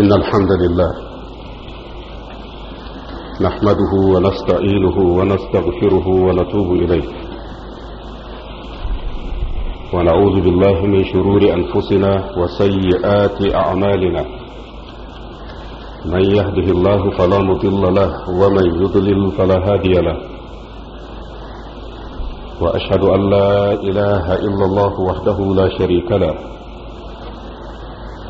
إن الحمد لله نحمده ونستعينه ونستغفره ونتوب إليه ونعوذ بالله من شرور أنفسنا وسيئات أعمالنا من يهده الله فلا مضل له ومن يضلل فلا هادي له وأشهد أن لا إله إلا الله وحده لا شريك له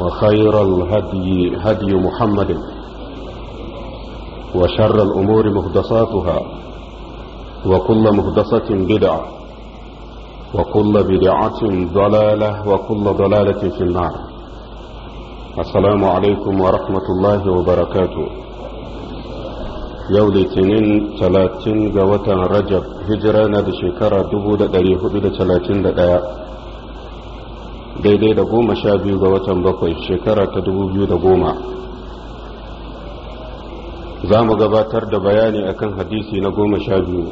وخير الهدي هدي محمد وشر الأمور مهدساتها وكل مهدسة بدعة وكل بدعة ضلالة وكل ضلالة في النار السلام عليكم ورحمة الله وبركاته يولي تنين تلاتين جوة رجب هجرة نادي دبودة دبو دليه تلاتين دقائق daidai da goma sha biyu ga watan bakwai shekara ta dubu biyu da goma za mu gabatar da bayani akan hadisi na goma sha biyu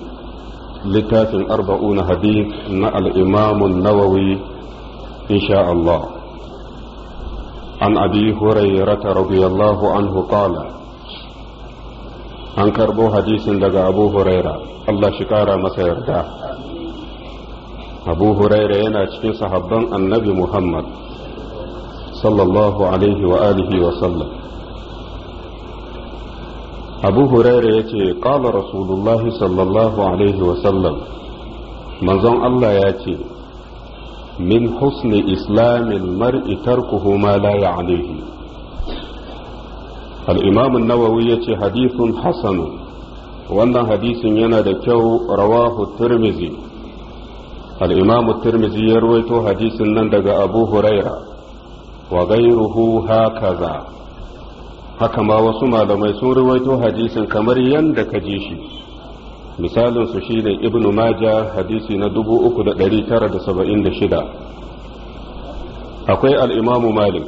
littafin arba'una hadith na al'imamun nawawi insha Allah an abi hurairata radiyallahu anhu qala an karbo hadisin daga abu huraira Allah shi kara masa yarda abu huraira yana cikin sahabban annabi muhammad sallallahu alaihi wa alihi wa sallam abu huraira ya ce ƙala rasulullahi sallallahu alaihi wa sallam manzon allah ya ce min husni islamin mar'i tarkuhu ma la Al alaihi al'imamun nawawi ya ce hadithun hasanu wannan hadisin yana da kyau rawahu turmizi al'imamu tirmizi ya ruwaito hadisin nan daga abu huraira wa gairuhu hakaza haka ma wasu malamai sun ruwaito hadisin kamar yadda ka ji shi misalin su shine ibnu maja hadisi na 3976 akwai al'imamu malik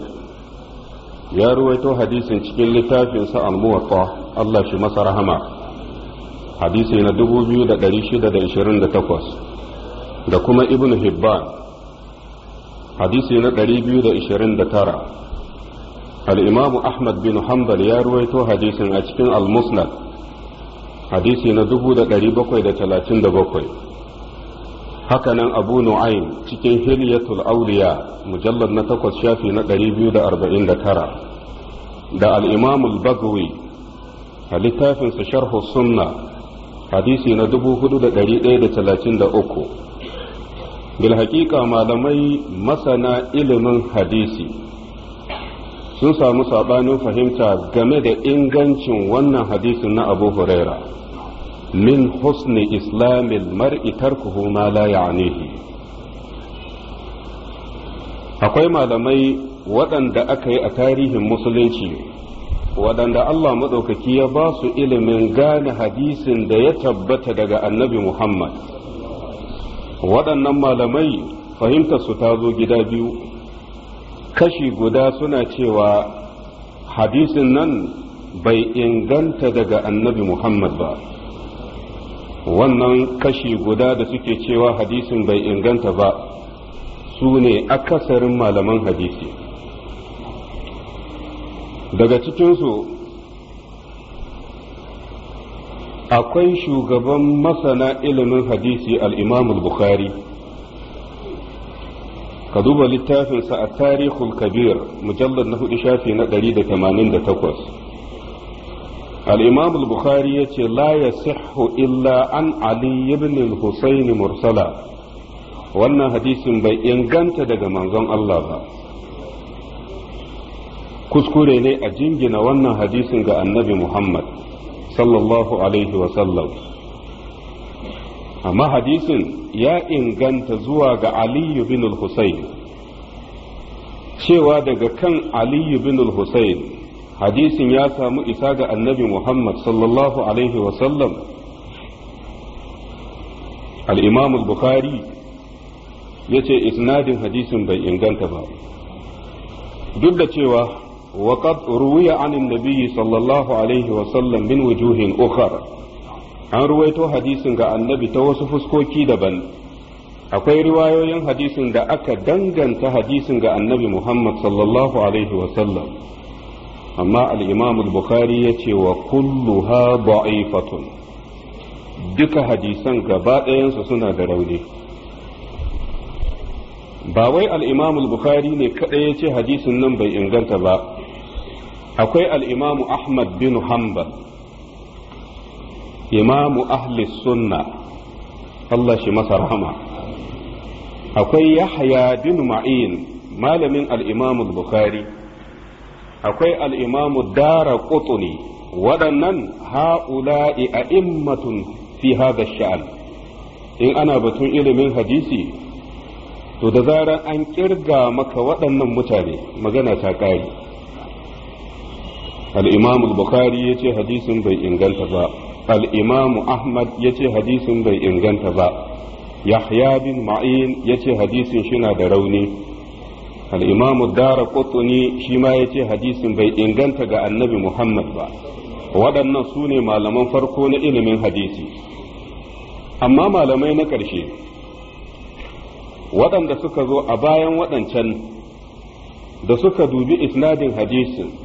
ya ruwaito hadisin cikin littafin sa muwatta Allah shi masa rahama hadisi na 2628 da kuma ibn hibban hadisi na 229 al-imam ahmad bin hanbal ya ruwaito hadisin a cikin al-musnad hadisi na 737 hakanan abu nu'aym cikin hilyatul awliya mujallad na 8 shafi na 249 da al-imam al-bagawi a littafinsa sharhu sunna hadisi na 4133 bil malamai masana ilimin hadisi sun samu saɓanin fahimta game da ingancin wannan hadisin na abu huraira min husni islamil mar'i tarkuhu ma la ya'nihi akwai malamai waɗanda aka yi a tarihin musulunci waɗanda Allah maɗaukaki ya ba su ilimin gane hadisin da ya tabbata daga annabi Muhammad waɗannan malamai fahimtarsu ta zo gida biyu kashi guda suna cewa hadisin nan bai inganta daga annabi muhammad ba wannan kashi guda da suke cewa hadisin bai inganta ba su ne akasarin malaman hadisi daga cikinsu akwai shugaban masana ilimin hadisi al bukhari ka duba littafinsa a tarihul kabir mujallar na hudu shafi na 188 al-imam al-bukhari ya ce la ya illa an ali ibn al-husayn mursala wannan hadisin bai inganta daga manzon Allah ba kuskure ne a jingina wannan hadisin ga annabi muhammad sallallahu alaihi wasallam amma hadisin ya inganta zuwa ga aliyu bin al cewa daga kan aliyu bin al hadisin ya samu isa ga annabi muhammad sallallahu alaihi wasallam al-imam bukhari ya ce isnadin hadisin bai inganta ba duk da cewa وقد روي عن النبي صلى الله عليه وسلم من وجوه أخرى an ruwaito hadisin ga annabi ta wasu fuskoki daban akwai riwayoyin hadisin da aka danganta hadisin ga annabi muhammad sallallahu alaihi wasallam amma al'imam al-bukhari ya ce wa kulluha ba'ifatun duka hadisan gaba ɗayansu suna da rauni ba wai al'imam al-bukhari ne kaɗai ya ce hadisin nan bai inganta ba akwai al'imamu ahmad bin hanbal imamu ahli sunna Allah shi masa rahama akwai yahya bin ma'in malamin al'imamu bukhari akwai al'imamu dara kutuni waɗannan ha'ula'i a immatun fi sha'an in ana batun ilimin hadisi to da zarar an ƙirga maka waɗannan mutane magana ta ƙari al-imam al-bukhari yace hadisin bai inganta ba al-imam ahmad yace hadisin bai inganta ba yahya bin ma'in yace hadisin shina da rauni al-imam ad shi ma yace hadisin bai inganta ga annabi muhammad ba waɗannan su ne malaman farko na ilimin hadisi amma malamai na ƙarshe waɗanda suka zo a bayan waɗancan da suka dubi isnadin hadisin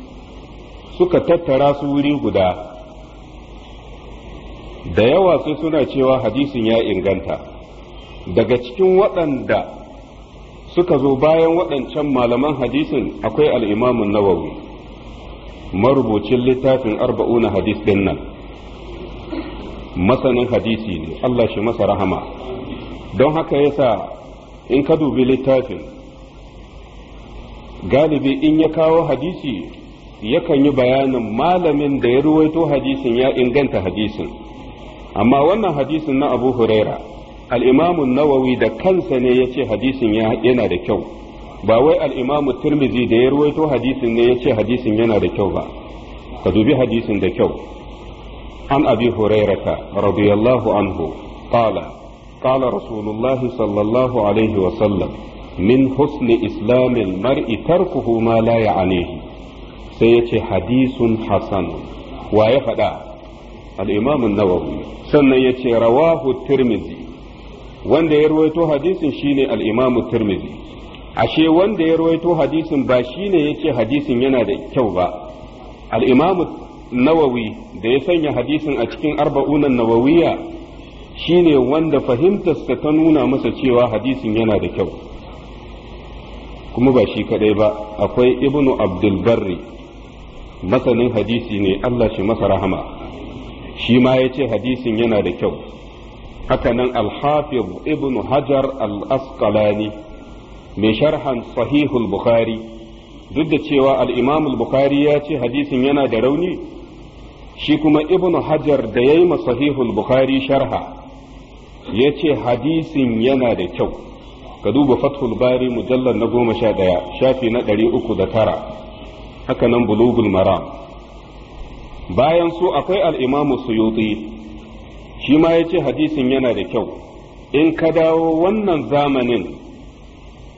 suka tattara su wuri guda da yawa sai suna cewa hadisin ya inganta daga cikin waɗanda suka zo bayan waɗancan malaman hadisin akwai al'imamun nawawi marubucin littafin arba'una hadis ɗin nan masanin hadisi ne Allah shi masa rahama don haka yasa in ka dubi littafin galibi in ya kawo hadisi yakan yi bayanin malamin da ya ruwaito hadisin ya inganta hadisin amma wannan hadisin na abu huraira al'imamun nawawi da kansa ne ya ce hadisin yana da kyau ba wai al'imamu turmizi da ya ruwaito hadisin ne ya ce hadisin yana da kyau ba ka dubi hadisin da kyau an abi hurairata radiyallahu anhu qala qala rasulullahi sallallahu alaihi wasallam min husni islamin mar'i tarkuhu ma la ya'anihi sai ya ce hadisun wa ya faɗa al'imamun nawawi sannan ya ce rawahu tirmizi wanda ya rawaito hadisin shine al'imamu tirmizi ashe wanda ya rawaito hadisin ba shine ya ce hadisin yana da kyau ba al'imamu nawawi da ya sanya hadisin a cikin arba'unan nawawiya shine wanda fahimtarsa ta nuna masa cewa hadisin yana da kyau kuma ba shi kadai ba akwai ibnu abdul abdulbarri masanin hadisi ne Allah shi masa rahama shi ma ya ce hadisin yana da kyau hakanan alhafiz ibn hajar al-asqalani mai sharhan sahihul bukhari duk da cewa al-imam al-bukhari ya ce hadisin yana da rauni shi kuma ibn hajar da ya yi sahihul bukhari sharha ya ce hadisin yana da kyau ka duba fathul bari mujallar na goma sha ɗaya shafi na ɗari uku da tara haka nan bulugul maram bayan su akwai al'imamu suyuti shi ma ya ce hadisin yana da kyau in ka dawo wannan zamanin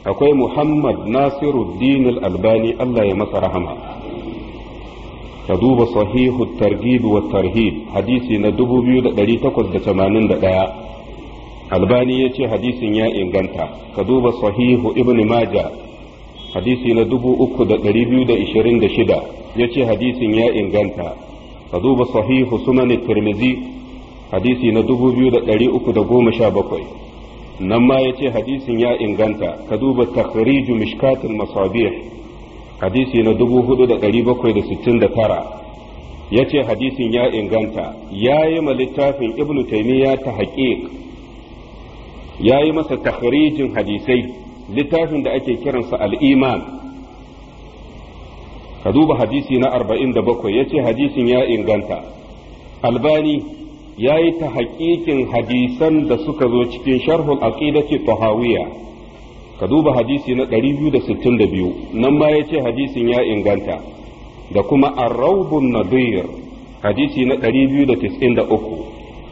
akwai muhammad nasiruddin albani allah ya masa rahama ka duba sahihu targhib wa tarhib hadisi na 2881 albani ya ce hadisin ya inganta ka duba sahihu ibn maja hadisi na dubu uku da ɗari biyu da ishirin da shida ya ce hadisin ya inganta ka duba sahihu ne tirmizi hadisi na dubu biyu da ɗari uku da goma sha bakwai nan ma ya ce hadisin ya inganta ka duba takhriju mishkatul masabih hadisi na dubu hudu da ɗari bakwai da sittin da tara ya ce hadisin ya inganta ya yi ma littafin ibnu taimiyya ta haƙiƙ ya yi masa tahrijin hadisai littafin da ake kiransa al'iman ka duba hadisi na 47 ya ce hadisin ya inganta albani ya yi ta haƙiƙin hadisan da suka zo cikin sharhul aqidati tahawiyya ka duba hadisi na 262 nan ma ya ce hadisin ya inganta da kuma arraubun nadir hadisi na 293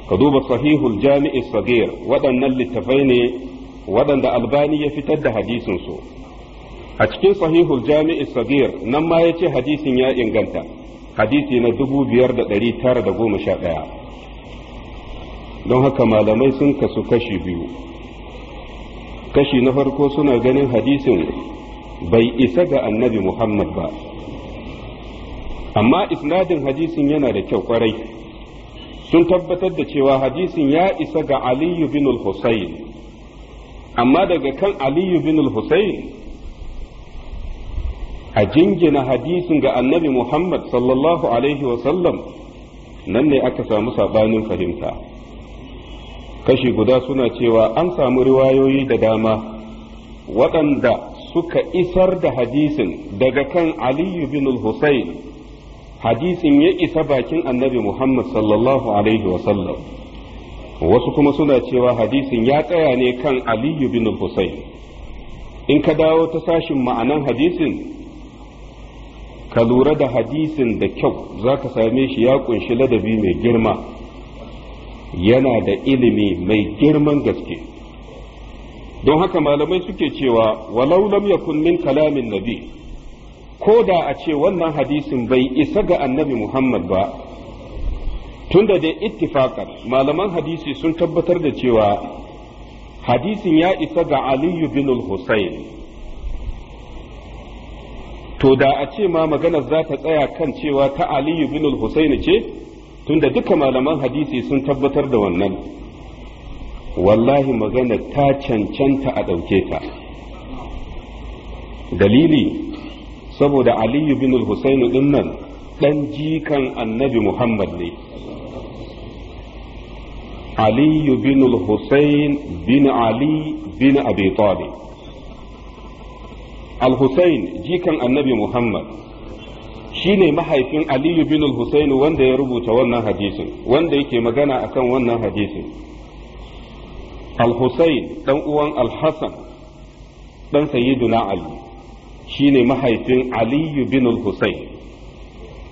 ka duba sahihul jami'i sagir waɗannan littafai ne waɗanda albani ya fitar da hadisinsu a cikin sahihul jami'i sabir nan ma ya ce hadisin ya inganta hadisi na da da tara goma sha ɗaya. don haka malamai sun kasu kashi biyu kashi na farko suna ganin hadisin bai isa ga annabi muhammad ba amma isnadin hadisin yana da kyau kwarai sun tabbatar da cewa hadisin ya isa ga aliyu bin al-husayn amma daga kan aliyu bin al-husayn a jingina hadisin ga annabi muhammad sallallahu alaihi wasallam nan ne aka samu sabanin fahimta kashi guda suna cewa an samu riwayoyi da dama waɗanda suka isar da hadisin daga kan aliyu bin al-husayn hadisin ya isa bakin annabi muhammad sallallahu alaihi wasallam wasu kuma suna cewa hadisin ya tsaya ne kan aliyu bin husayn in ka dawo ta sashin ma'anan hadisin ka lura da hadisin da kyau za ka same shi ya kunshi ladabi mai girma yana da ilimi mai girman gaske don haka malamai suke cewa walau lam yakun min kalamin nabi ko da a ce wannan hadisin bai isa ga annabi muhammad ba tunda da ittifaqan malaman hadisi sun tabbatar da cewa hadisin ya isa ga aliyu bin al-husayn to da a ce ma maganar za ta tsaya kan cewa ta aliyu bin al-husayn ce tunda duka malaman hadisi sun tabbatar da wannan wallahi magana ta cancanta a ɗauke ta dalili saboda aliyu bin al-husayn din nan ɗan jikan annabi muhammad ne علي بن الحسين بن علي بن أبي طالب الحسين جيكا النبي محمد shine mahaifin Aliyu bin al wanda ya rubuta wannan hadisin wanda yake magana a kan wannan hadisin al-Husayn dan uwan al-Hasan dan sayyiduna Ali shine mahaifin Aliyu bin al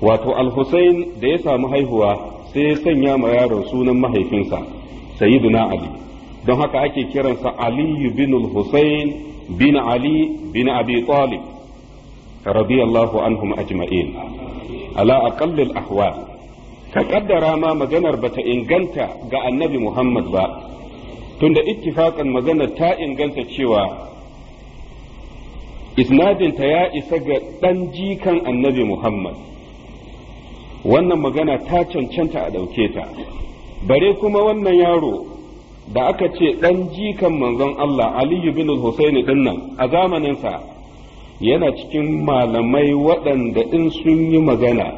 wato al-Husayn da ya samu haihuwa sai ya sanya ma yaron sunan mahaifinsa sayyiduna ali don haka ake kiransa aliyu bin al-husayn bin ali bin abi talib radiyallahu anhum ajma'in ala aqallil ahwal ka kaddara ma maganar bata inganta ga annabi Muhammad ba tunda ittifaqan maganar ta inganta cewa isnadinta ya isa ga ɗan jikan annabi Muhammad wannan magana ta cancanta a ɗauke ta bare kuma wannan yaro da aka ce ɗan jikan manzon Allah aliyu bin husaini din nan a zamaninsa yana cikin malamai waɗanda in sun yi magana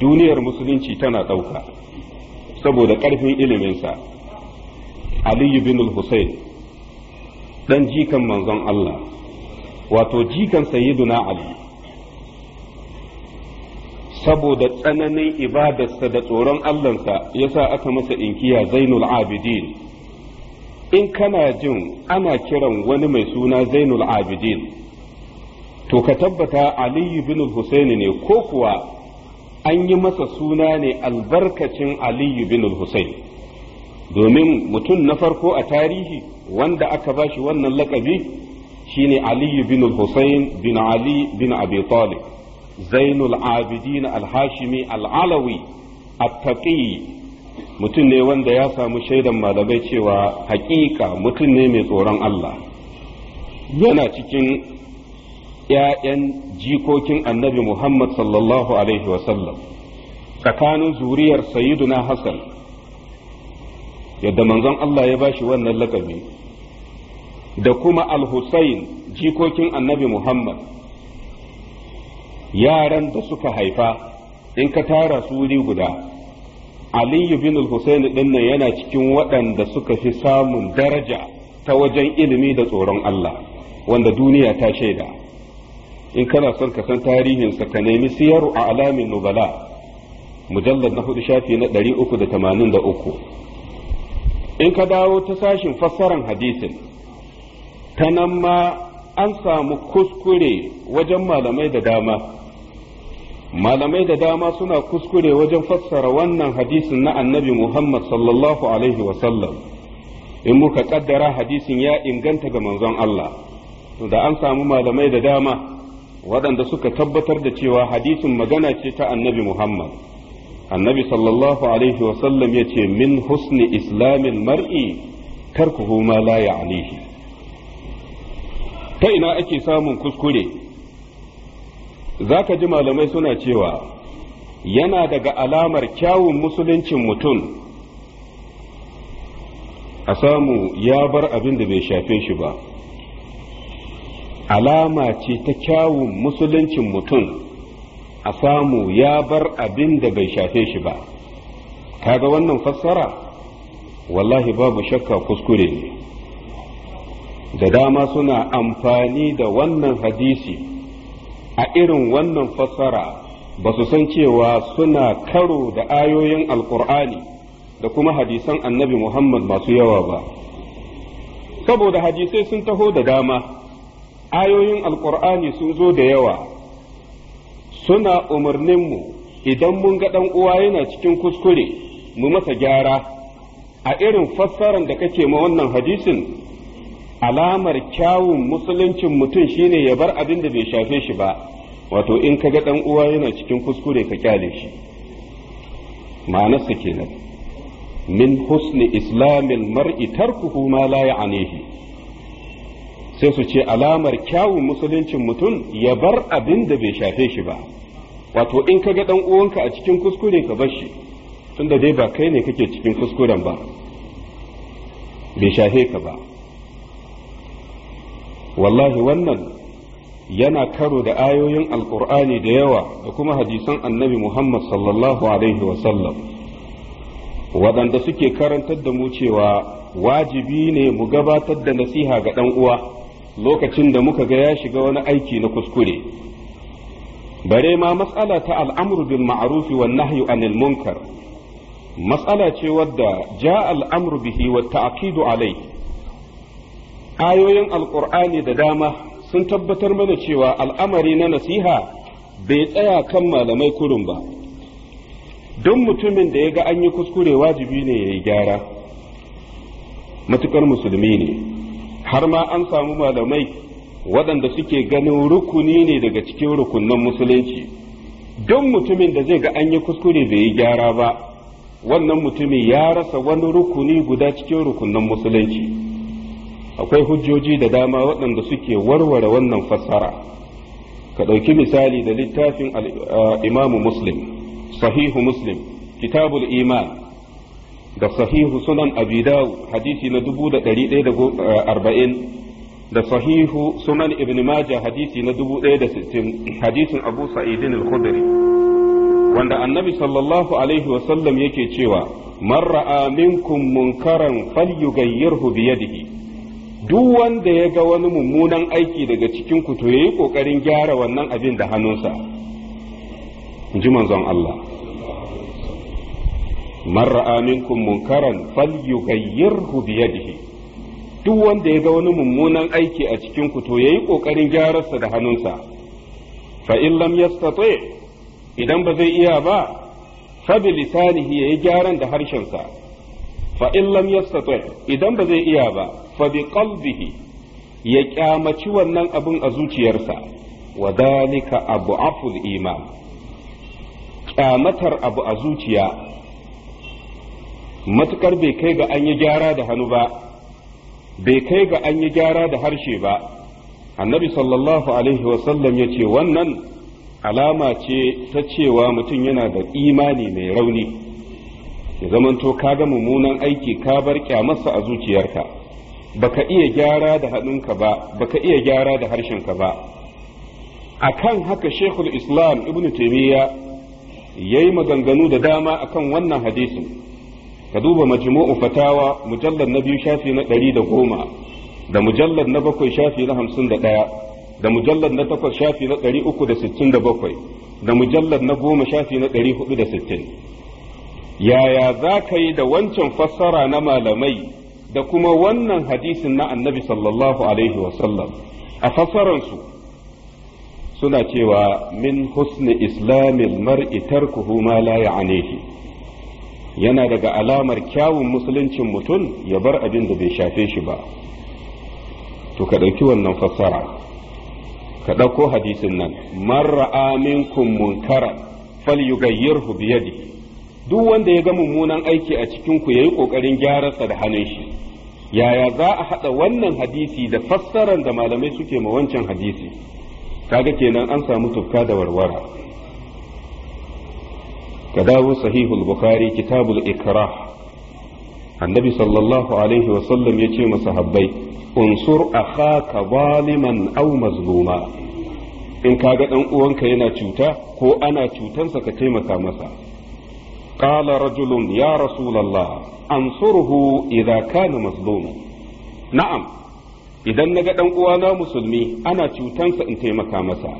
duniyar musulunci tana ɗauka saboda ƙarfin iliminsa aliyu bin husain ɗan jikan manzon Allah wato jikan sayyiduna ali saboda tsananin ibadarsa da tsoron Allahnsa yasa aka masa inkiya Zainul Abidin in kana jin ana kiran wani mai suna Zainul Abidin to ka tabbata Aliyu bin Husaini ne ko kuwa an yi masa suna ne albarkacin Aliyu bin Husaini domin mutum na farko a tarihi wanda aka bashi wannan lakabi shine Aliyu bin Husain bin Ali bin Abi Talib zainul Abidina al-hashimi al-alawi mutum ne wanda ya samu shaidan malamai cewa hakika mutum ne mai tsoron Allah yana cikin ‘ya'yan jikokin annabi Muhammad sallallahu Alaihi wasallam tsakanin zuriyar Sayyiduna Hassan yadda manzon Allah ya bashi wannan lakabi da kuma al-Husayn jikokin annabi Muhammad yaran da suka haifa in ka tara su wuri guda aliyu bin husaini din yana cikin waɗanda suka fi samun daraja ta wajen ilimi da tsoron Allah wanda duniya ta shaida in kana son ka san tarihinsa ka nemi siyaru a alamin nubala mujallar na hudu shafi na 383 in ka dawo ta sashin fassaran hadisin ta nan ma an samu kuskure wajen malamai da dama malamai da dama suna kuskure wajen fassara wannan hadisin na annabi Muhammad sallallahu alaihi wasallam in muka kaddara hadisin ya inganta ga manzon Allah da an samu malamai da dama waɗanda suka tabbatar da cewa hadisin magana ce ta annabi Muhammad annabi sallallahu alaihi wasallam ya ce min husni islamin mar'i tarkuhu ma la ya'nihi ta ina ake samun kuskure za ka ji malamai suna cewa yana daga alamar kyawun musuluncin mutum a samu ya bar abin da bai shafe shi ba alama ce ta kyawun musuluncin mutum a samu ya bar abin da bai shafe shi ba kaga wannan fassara wallahi babu shakka kuskure ne da dama suna amfani da wannan hadisi a irin wannan fassara ba su san cewa suna karo da ayoyin alkur'ani da kuma hadisan annabi muhammad masu yawa ba saboda hadisai sun taho da dama ayoyin alkur'ani sun zo da yawa suna umarninmu idan mun ga ɗan uwa yana cikin kuskure mu masa gyara a irin fassaran da kake ma wannan hadisin alamar kyawun musuluncin mutum shine ya bar abin da bai shafe shi ba wato in ka ga uwa yana cikin kuskure ka kyale shi ma'anarsa kenan min husni islamil mar'i tarkuhu ma la ya'anihi sai su ce alamar kyawun musuluncin mutum ya bar abin da bai shafe shi ba wato in ka ga uwanka a cikin kuskure ka bar shi tunda dai ba kai ne kake cikin kuskuren ba bai shafe ka ba wallahi wannan yana karo da ayoyin alkur'ani da yawa da kuma hadisan annabi muhammad sallallahu alaihi wasallam waɗanda suke karantar da mu cewa wajibi ne mu gabatar da nasiha ga ɗan uwa lokacin da muka ga ya shiga wani aiki na kuskure bare ma matsala ta al'amru bil ma'ruf wan nahyu anil munkar matsala ce wadda ja al'amru bihi wa ta'qidu alayhi ayoyin alkur'ani da dama sun tabbatar mana cewa al'amari na nasiha bai tsaya kan malamai kurun ba don mutumin da ya ga an yi kuskure wajibi ne ya yi gyara matukar musulmi ne har ma an samu malamai waɗanda suke ganin rukuni ne daga cikin rukunan musulunci don mutumin da zai ga an yi kuskure bai yi gyara ba wannan mutumin ya rasa wani rukuni guda cikin rukunan musulunci. akwai hujjoji da dama waɗanda suke warware wannan fassara ka ɗauki misali da littafin eh, imamu muslim sahihu muslim kitabul iman da sahihu sunan abi hadisi na 1140 eh, da sahihu sunan ibn majah hadisi na 1060 hadisin abu sa'idin al-khudri wanda annabi sallallahu alaihi wasallam yake cewa man ra'a minkum munkaran falyughayyirhu bi yadihi duk wanda ya ga wani mummunan aiki daga cikin ku to yi kokarin gyara wannan abin da hannunsa in ji manzon Allah marra aminkum munkaran falyughayyirhu bi yadihi duk wanda ya ga wani mummunan aiki a cikin ku to yi kokarin gyararsa da hannunsa fa in lam yastati idan ba zai iya ba fa bi lisanihi yayi gyaran da harshensa fa in lam yastati idan ba zai iya ba fa bi qalbihi ya kyamaci wannan abin a zuciyarsa wa dalika abu aful iman kyamatar abu a zuciya matukar bai kai ga an yi gyara da hannu ba bai kai ga an yi gyara da harshe ba annabi sallallahu alaihi wasallam ya ce wannan alama ce ta cewa mutum yana da imani mai rauni ya zamanto ka ga mummunan aiki ka bar kyamarsa a zuciyarka baka iya gyara da hannunka ba baka iya gyara da harshenka ba a kan haka shekul islam ibn taimiyya ya yi maganganu da dama a kan wannan hadisin ka duba majmu'u fatawa mujallar na biyu shafi na ɗari da goma da mujallar na bakwai shafi na hamsin da ɗaya da mujallar na takwas shafi na ɗari uku da sittin da bakwai da mujallar na goma shafi na ɗari hudu da sittin yaya za ka yi da wancan fassara na malamai da kuma wannan hadisin na annabi sallallahu alaihi wasallam a fassaransu suna cewa min husni islamil mar'i tarkuhu ma la yana daga alamar kyawun musuluncin mutum ya bar abin da bai shafe shi ba to ka ɗauki wannan fassara ka ɗauko hadisin nan man ra'a minkum munkara falyughayyirhu biyadihi duk wanda ya ga mummunan aiki a cikin ku yayi kokarin gyararsa da hannun shi yaya za a hada wannan hadisi da fassarar da malamai suke ma wancan hadisi kaga kenan an samu tufka da warwara kadawo sahihul bukhari kitabul ikrah annabi sallallahu alaihi wa sallam yace masahabbai unsur akhaka zaliman aw mazluma in kaga dan uwanka yana cuta ko ana cutansa ka taimaka masa قال ya rasu رسول الله أنصره إذا كان مظلوما نعم إذا نجد أن أنا مسلمي أنا تشوتنس أنتي مكان مساء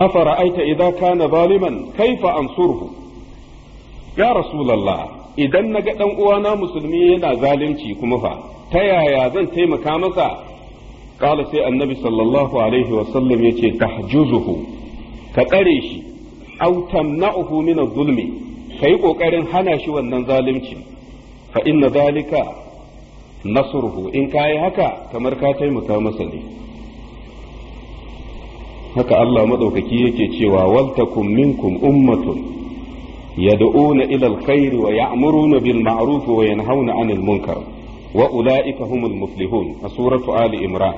أفرأيت إذا كان ظالما كيف أنصره يا رسول الله idan na ga ɗan uwana musulmi yana zalunci kuma fa ta yaya zan taimaka masa kala sai annabi sallallahu alaihi wasallam ya ce tahjuzuhu ka ƙare shi aw tamna'uhu min adh-dhulmi kai kokarin hana shi wannan zalunci fa inna zalika nasruhu in kai haka kamar ka taimaka masa ne haka Allah madaukaki yake cewa wal takum minkum ummatun yad'una ila al-khair wa ya'muruna bil ma'ruf wa yanhauna 'anil munkar wa ulaika humul muflihun a suratu ali imran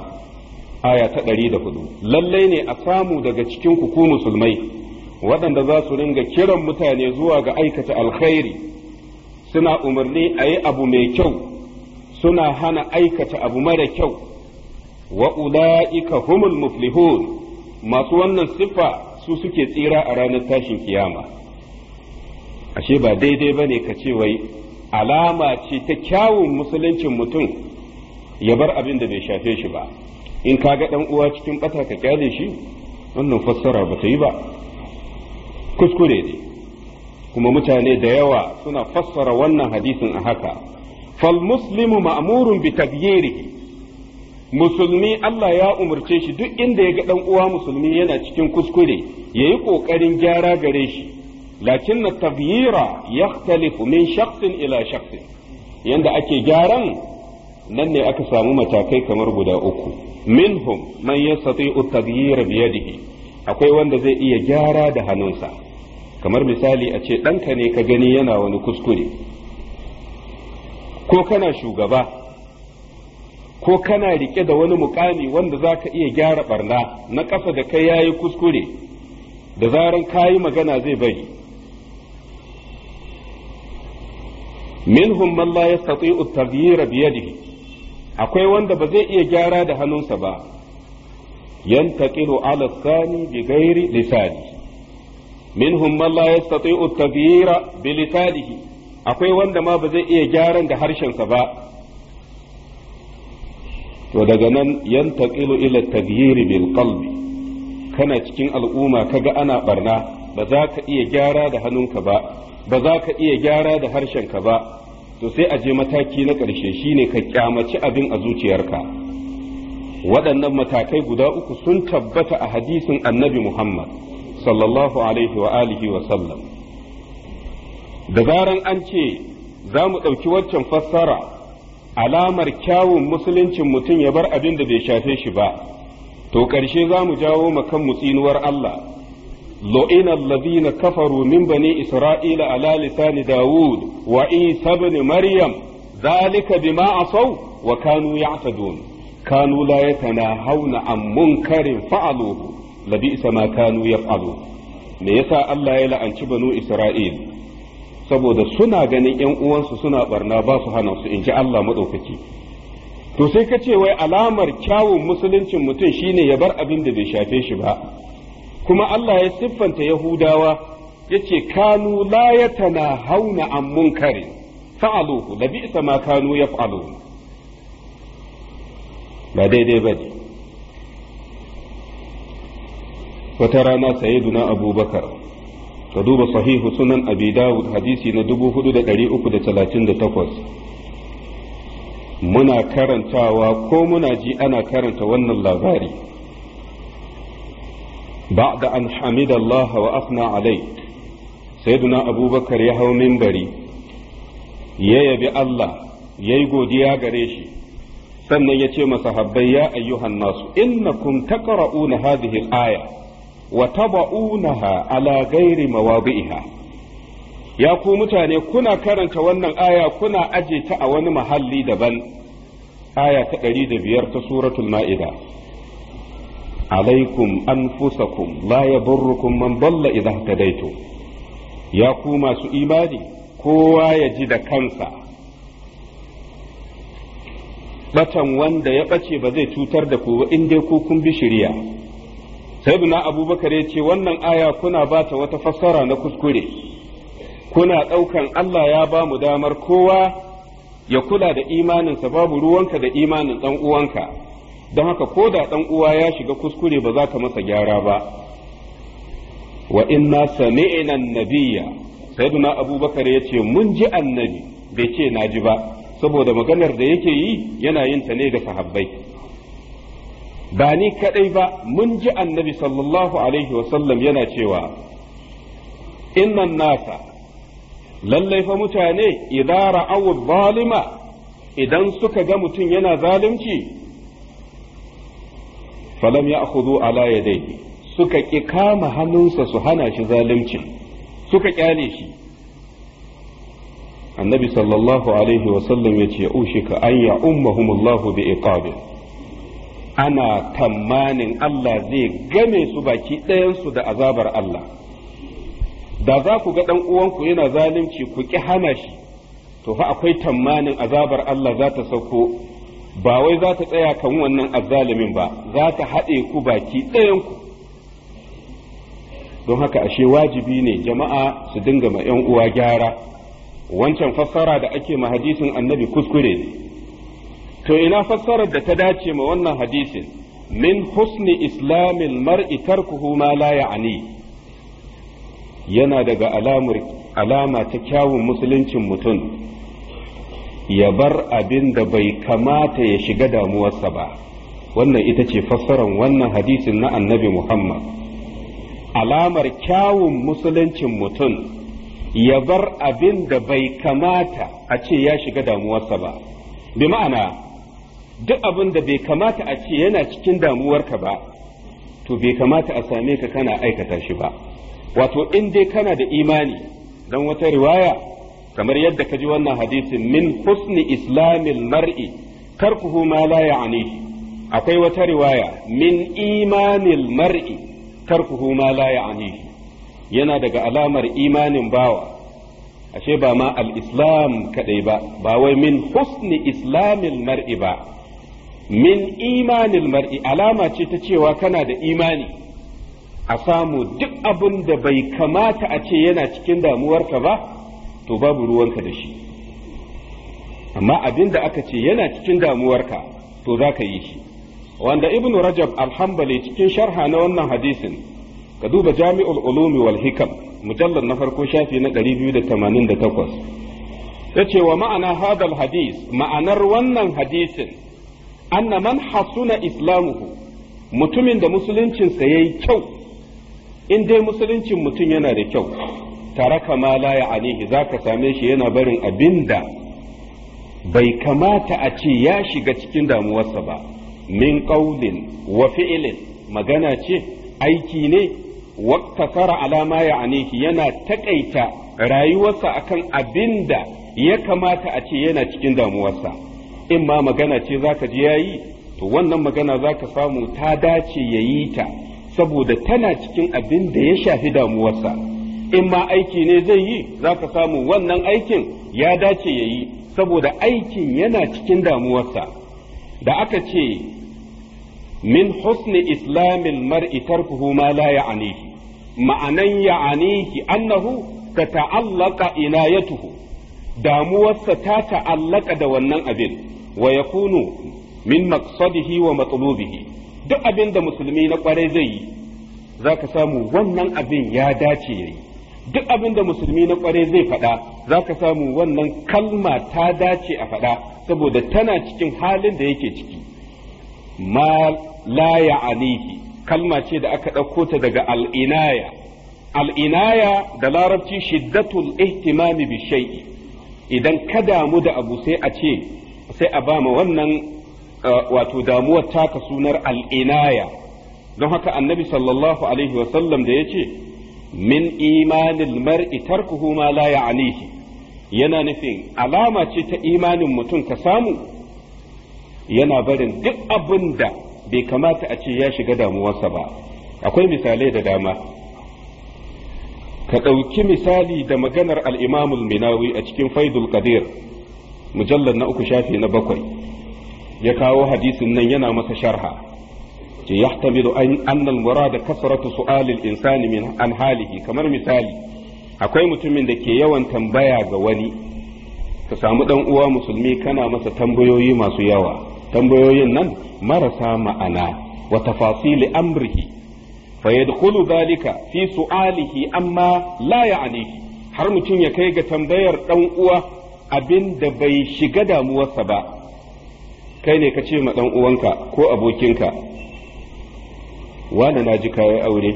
aya ta 104 lalle ne a samu daga cikin ku ku musulmai waɗanda za su ringa kiran mutane zuwa ga aikata alkhairi suna umarni a yi abu mai kyau suna hana aikata abu mara kyau wa ula'ika humul muflihun masu wannan siffa su suke tsira a ranar tashin kiyama ashe ba daidai ba ne ka ce wai alama ce ta kyawun musuluncin mutum ya bar abin da bai shafe shi ba in ka ga uwa cikin ɓata ka kyale shi wannan fassara ba ta yi ba kuskure ne kuma mutane da yawa suna fassara wannan hadisin a haka fal muslimu ma'murun bi taghyirihi musulmi Allah ya umarce shi duk inda ya ga dan uwa musulmi yana cikin kuskure yayi kokarin gyara gare shi lakin na taghyira yakhtalifu min shakhsin ila shakhsin yanda ake gyaran nan ne aka samu matakai kamar guda uku minhum man yastati'u at-taghyira bi yadihi akwai wanda zai iya gyara da hannunsa kamar misali a ce ɗanka ne ka gani yana wani kuskure ko kana shugaba ko kana rike da wani mukami wanda za ka iya gyara barna na ƙasa da kai ya yi kuskure da zaran kayi magana zai bari minhum man la yastati'u at-taghyira bi akwai wanda ba zai iya gyara da hannunsa ba yantaqilu ala thani bi ghairi lisani minhum man la yastati'u at akwai wanda ma ba zai iya gyaran da harshensa ba to daga nan yantaqilu ila at-taghyir bil qalbi kana cikin al'umma kaga ana barna ba za ka iya gyara da hannunka ba ba za ka iya gyara da harshenka ba to sai a je mataki na ƙarshe shine ka kyamaci abin a zuciyarka waɗannan matakai guda uku sun tabbata a hadisin annabi Muhammad sallallahu alaihi wa alihi wa sallam da zaran an ce za mu ɗauki waccan fassara alamar kyawun musuluncin mutum ya bar abin da bai shafe shi ba to ƙarshe za mu jawo makan tsinuwar Allah لئن الذين كفروا من بني إسرائيل على لسان داود وعيسى بن مريم ذلك بما عصوا وكانوا يعتدون kanu hau yatanahawna an munkarin fa'aluhu labisa ma kanu yaf'alu me yasa Allah ya la'anci banu Isra'il saboda suna ganin ƴan uwansu suna barna ba su hana su inji Allah madaukaki to sai ka ce wai alamar kyawun musuluncin mutum shine ya bar abin da bai shafe shi ba kuma Allah ya siffanta Yahudawa yace kanu la yatanahawna an munkarin fa'aluhu labisa ma kanu yaf'alun ba daidai ba ne wata rana duna abubakar ka duba sahihu sunan abi dawud hadisi na 4338 muna karantawa ko muna ji ana karanta wannan labari بعد أن حمد الله وأثنى عليه سيدنا أبو بكر يهو ya يا Allah الله يا godiya يا قريشي sannan ya ce masahabbai ya ayyuhan nasu innakum taqra'una hadhihi al-aya wa taba'unaha ala ghairi mawadi'iha ya ku mutane kuna karanta wannan aya kuna aje ta a wani mahalli daban aya ta ɗari da biyar ta suratul ma'ida alaikum anfusakum la yadurrukum man dalla idha tadaitu ya ku masu imani kowa ya ji da kansa batan wanda ya ɓace ba zai cutar da ku in dai ku kun bi shari'a sayyidina abubakar ya ce wannan aya kuna ba ta wata fassara na kuskure kuna ɗaukan Allah ya ba mu damar kowa ya kula da imaninsa babu ruwanka da imanin ɗan uwanka don haka ko da ɗan uwa ya shiga kuskure ba za ka masa gyara ba wa inna sami'na nabiyya sayyiduna abubakar ya ce mun ji annabi bai ce na ji ba saboda maganar da yake yi yana yin ta ne da sahabbai ba ni kadai ba mun ji annabi sallallahu alaihi wasallam yana cewa innan nasa lallai fa mutane idan zalima idan suka ga mutum yana zalunci falam ya ala dai? suka ƙi kama hannunsa su hana shi zalunci suka ƙyale shi annabi sallallahu alaihi sallam ya ce ushika an ya ummahumullahu bi iqabin ana tamanin Allah zai game su baki ɗayansu da azabar Allah da za ku ga uwanku yana zalunci ku ki hana shi to fa akwai tamanin azabar Allah za ta sauko ba wai za ta tsaya kan wannan azzalimin ba za ta haɗe ku baki ɗayanku don haka ashe wajibi ne jama'a su dinga ma 'yan uwa gyara wancan fassara da ake ma hadisin annabi kuskure ne to ina fassarar da ta dace ma wannan hadisin min husni islamin mar'i tarkuhu ma la ya'ni yana daga alamur alama ta kyawun musuluncin mutum ya bar abin da bai kamata ya shiga damuwarsa ba wannan ita ce fassarar wannan hadisin na annabi muhammad alamar kyawun musuluncin mutum ya bar abin da bai kamata a ce ya shiga damuwarsa ba bi ma'ana duk abin da bai kamata a ce yana cikin damuwarka ba to bai kamata a same ka kana aikata shi ba wato in dai kana da imani don wata riwaya kamar yadda ka ji wannan hadisin min husni islamil mar'i tarkuhu ma la ya'ni akwai wata riwaya min imanil mar'i tarkuhu ma la ya'ni yana daga alamar imanin bawa ashe ba ma al-islam kadai ba ba wai min husni islamil mar'i ba min imanil mar'i alama ce ta cewa kana da imani a samu duk abin da bai kamata a ce yana cikin damuwarka ba to babu ruwanka da shi amma abin da aka ce yana cikin damuwarka to za ka yi shi wanda ibnu rajab alhambali cikin sharha na wannan hadisin ka duba jami'ul ulumi wal hikam mujallar na farko shafi na 288 yace wa ma'ana hadal hadis ma'anar wannan hadisin anna man hasuna islamuhu mutumin da musuluncinsa yayi kyau in dai musuluncin mutum yana da kyau taraka ma la ya'anihi zaka same shi yana barin abinda bai kamata a ce ya shiga cikin damuwarsa ba min qaulin wa fi'lin magana ce aiki ne waktafara alama ya aniki yana takaita rayuwarsa akan abin da ya kamata a ce yana cikin damuwarsa in ma magana ce zaka ji yayi to wannan magana zaka samu ta dace yayi ta saboda tana cikin abin da ya shafi damuwarsa in ma aiki ne zai yi zaka samu wannan aikin ya dace yayi saboda aikin yana cikin damuwarsa da aka ce min husni islamin mar'i tarkuhu ma la ya'anihi ma'anan ya'aniki annahu ka ta'allaka tuhu damuwarsa ta ta'allaka da wannan abin wa yakunu min maqsadihi wa matlubihi duk abin da musulmi na kwarai zai yi zaka samu wannan abin ya dace yayi duk abin da musulmi na kwarai zai faɗa zaka samu wannan kalma ta dace a faɗa saboda tana cikin halin da yake ciki ma la ya'anihi kalma ce da aka ɗauko ta daga al'inaya al'inaya da larabci shiddatul ihtimami bi shay'i idan ka damu da abu sai a ce sai a ba ma wannan uh, wato damuwar taka sunar al'inaya don haka annabi sallallahu alaihi wasallam da ya ce min imanin mar'i tarkuhu ma la ya'anihi yana nufin alama ce ta imanin mutum ka samu yana barin duk abin da bai kamata a ce ya shiga damuwarsa ba akwai misalai da dama ka ɗauki misali da maganar al'imamul minawi a cikin faidul qadir mujallar na uku shafi na bakwai ya kawo hadisin nan yana masa sharha ce ya tamidu annal murada kasratu su'alil insani min an halihi kamar misali akwai mutumin da ke yawan tambaya ga wani ka samu dan uwa musulmi kana masa tambayoyi masu yawa tambayoyin nan marasa ma'ana wa tafasili amrihi fa yadkhulu dhalika fi su'alihi amma la ya'nihi har mutum ya kai ga tambayar dan uwa abin da bai shiga damuwarsa ba kai ne ka ce ma dan uwanka ko abokinka wanda na ji kayi aure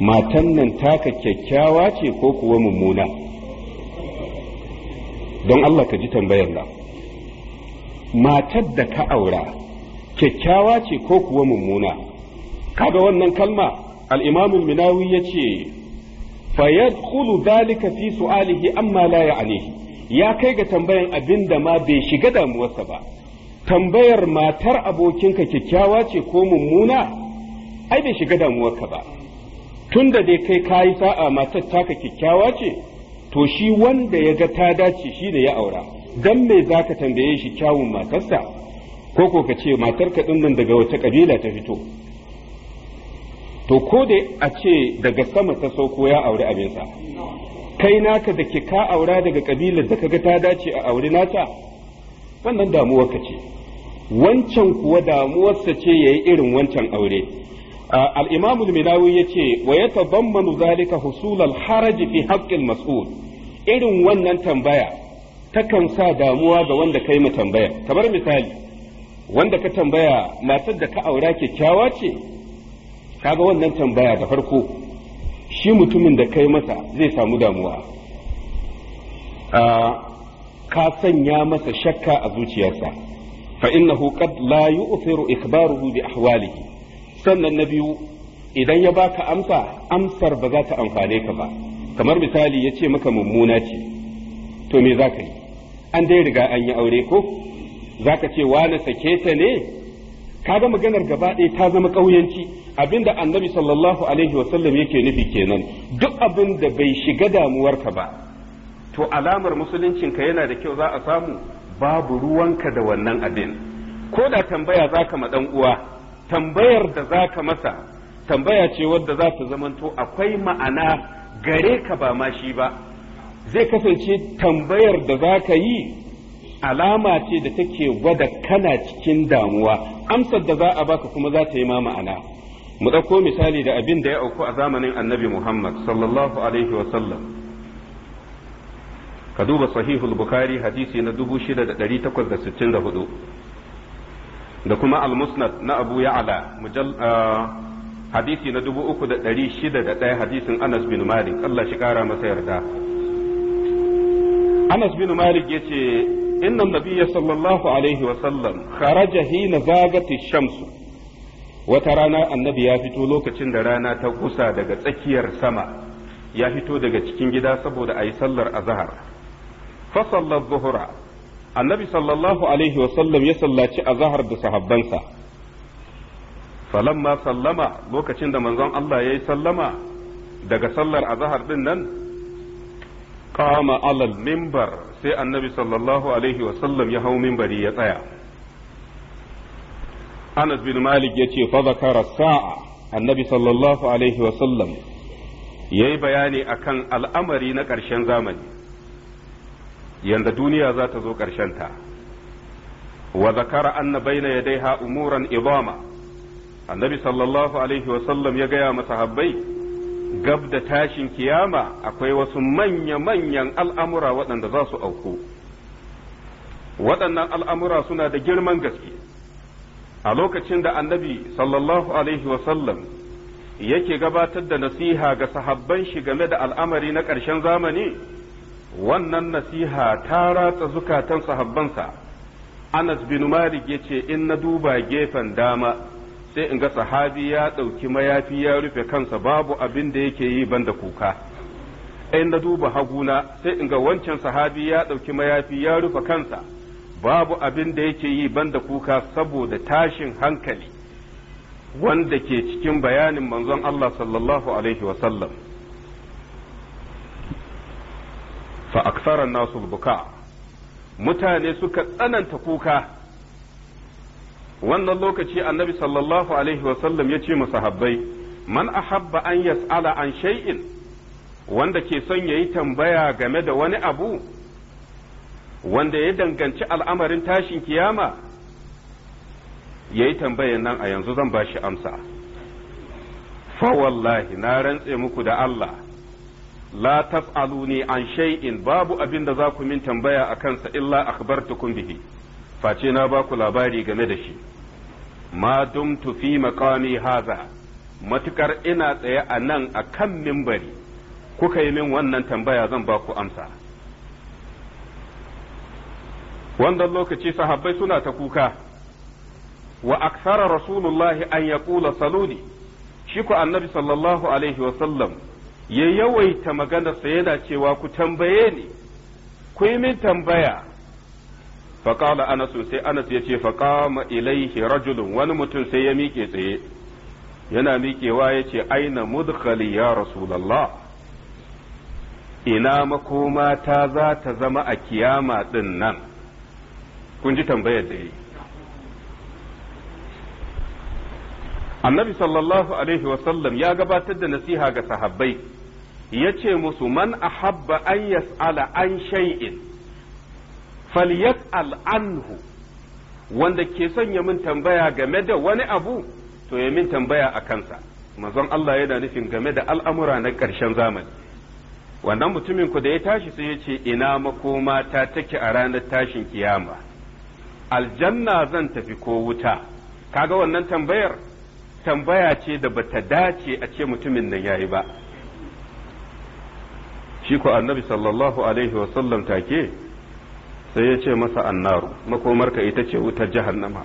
matan nan taka kyakkyawa ce ko kuwa mummuna don Allah ka ji tambayar nan matar da ka aura kyakkyawa ce ko kuwa mummuna kaga wannan kalma al minawi ya minawi yace fa dalika dhalika fi su'alihi amma la ya'nihi ya kai ga tambayan abinda ma bai shiga damuwarsa ba tambayar matar abokinka kyakkyawa ce ko mummuna ai bai shiga damuwarka ba tunda dai kai kayi sa'a matar taka kyakkyawa ce to shi wanda ya ga ta dace shi ne ya aura dan me za ka tambaye shi kyawun matarsa ko ko ka ce matar ka nan daga wata kabila ta fito to ko da a ce daga sama ta sauko ya aure abinsa kai naka da ke ka aura daga kabilar da kaga ta dace a aure nata wannan damuwar ka ce wancan kuwa damuwarsa ce yayi irin wancan aure al-imam ya ce yace wa yatabammanu zalika husulal haraji haraj fi haƙƙin masul irin wannan tambaya takan sa damuwa ga wanda kai mu tambaya kamar misali wanda ka tambaya matar da ka aura kyakkyawa ce kaga wannan tambaya da farko shi mutumin da kai masa zai samu damuwa ka sanya masa shakka a zuciyarsa fa innahu qad la yu'thiru ikbaruhu bi ahwalihi sannan na biyu idan ya baka amsa amsar ba za ta amfane ka ba kamar misali ya ce maka mummuna ce to me za ka yi an dai riga an yi aure ko zaka ce wani sake ta ne ka ga maganar gaba ɗaya ta zama ƙauyanci abinda annabi sallallahu alaihi wasallam yake nufi kenan duk abin da bai shiga damuwarka ba to alamar musuluncinka yana da kyau za a samu babu ruwan ka da wannan abin ko da tambaya za ka ɗan uwa tambayar da za ka masa tambaya ce wadda za ta zamanto akwai ma'ana gare ka ba ma shi ba zai kasance tambayar da za ka yi alama ce da take gwada kana cikin damuwa amsar da za a baka kuma za ta yi ma ma'ana mu ɗauko misali da abin da ya auku a zamanin annabi muhammad sallallahu alaihi wasallam ka duba sahihul bukhari hadisi na 6864 da kuma al na abu ya'ala ah, hadisi na 3601 hadisin anas bin malik Allah shi kara masa yarda Anas bin Malik ce, inna nabiyya sallallahu alaihi wa sallam kharaja hina zagati shamsu wata rana annabi ya fito lokacin da rana ta kusa daga tsakiyar sama ya fito daga cikin gida saboda ayi sallar azhar fa sallar zuhura annabi sallallahu alaihi wa sallam ya sallaci zahar da sahabbansa falamma sallama lokacin da manzon Allah ya yi sallama daga sallar zahar din nan kama alal mimbar sai annabi sallallahu alaihi wasallam ya hau mimbari ya tsaya anas bin malik ya ce fa zakara sa'a annabi sallallahu alaihi wasallam ya yi bayani akan al'amari na ƙarshen zamani yanda duniya za ta zo ta wa zakara anna baina yadaiha umuran Ibama annabi sallallahu alaihi wasallam ya gaya masahabbai gab da tashin kiyama akwai wasu manya-manyan al'amura waɗanda za su auku waɗannan al'amura suna da girman gaske a lokacin da annabi sallallahu alaihi wasallam yake gabatar da nasiha ga sahabban shi game da al'amari na ƙarshen zamani wannan nasiha ta ratsa zukatan sahabbansa anas bin malik ya ce in na duba gefen dama sai in ga sahabi ya ɗauki mayafi ya rufe kansa babu abin da yake yi banda kuka in na duba haguna sai in ga wancan sahabi ya ɗauki mayafi ya rufe kansa babu abin da yake yi banda kuka saboda tashin hankali wanda ke cikin bayanin manzon Allah sallallahu alaihi wasallam fa aksaran nasu buka mutane suka tsananta kuka wannan lokaci annabi sallallahu alaihi wasallam ya ce sahabbai man ahabba an yas'ala an shay'in wanda ke son ya yi tambaya game da wani abu wanda ya danganci al'amarin tashin kiyama ya yi tambayan nan a yanzu zan ba shi amsa fa wallahi na rantse muku da Allah la tas'aluni an shay'in babu abin da za ku min tambaya a kansa illa akhbartukum bihi face na ba ku labari game da shi ma dumtu fi makami haza matukar ina tsaye a nan a kan mimbari kuka yi min wannan tambaya zan ba ku amsa wannan lokaci sahabbai suna ta kuka wa aksara rasulullahi an ya kula saluni shi ku annabi sallallahu alaihi wasallam ya yawaita maganarsa yana cewa ku tambaye ni ku yi min tambaya faƙala anas sai anas ya ce faƙama ilaihi rajulun wani mutum sai ya miƙe tsaye yana miƙewa ya ce aina mudkhali ya rasulallah ina makoma ta za ta zama a kiyama ɗin nan kun ji tambayar da yi annabi sallallahu alaihi wasallam ya gabatar da nasiha ga sahabbai ya ce musu man ahabba an yas'ala an shay'in falyas'al al'anhu wanda ke son ya min tambaya game da wani abu to ya min tambaya a kansa manzon Allah yana nufin game da al'amura na ƙarshen zamani wannan mutumin ku da ya tashi sai ya ce ina makoma ta take a ranar tashin kiyama aljanna zan tafi ko wuta kaga wannan tambayar tambaya ce da bata dace a ce mutumin nan yayi ba shi ko annabi sallallahu alaihi wasallam take sai ya ce masa annaru makomarka ita ce wutar jahannama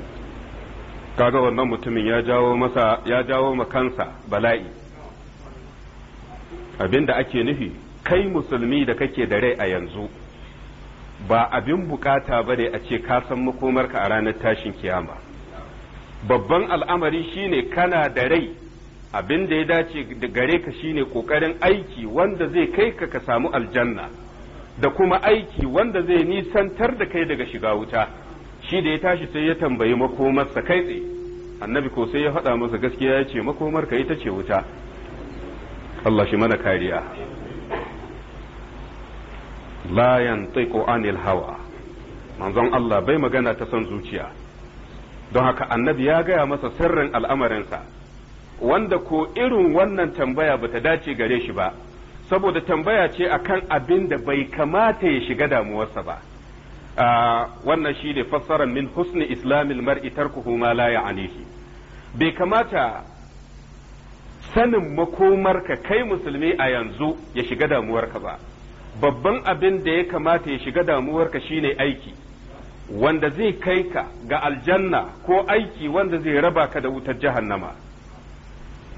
kaga wannan mutumin ya jawo masa ya jawo makansa bala'i abinda ake nufi kai musulmi da kake da rai a yanzu ba abin bukata bane a ce ka san makomarka a ranar tashin kiyama babban al'amari shine kana da rai abin da ya dace da gare ka shine kokarin aiki wanda zai kai ka ka samu aljanna da kuma aiki wanda zai nisantar da kai daga shiga wuta shi da ya tashi sai ya tambayi makomarsa kai tsaye annabi ko sai ya faɗa masa gaskiya ya ce makomar ka ita ce wuta Allah shi mana kariya la yantiqu anil hawa manzon Allah bai magana ta son zuciya don haka annabi ya gaya masa sirrin al'amarinsa wanda ko irin wannan tambaya bata dace gare shi ba saboda tambaya ce akan abin da bai kamata ya shiga damuwarsa ba ah, wannan shi ne fassarar min husni islamil mar'i tarkuhu ma la ya'anihi bai kamata sanin makomarka kai musulmi a yanzu ya shiga damuwarka ba babban abin da ya kamata ya shiga damuwarka shine aiki wanda zai kai ka ga aljanna ko aiki wanda zai raba ka da wutar jahannama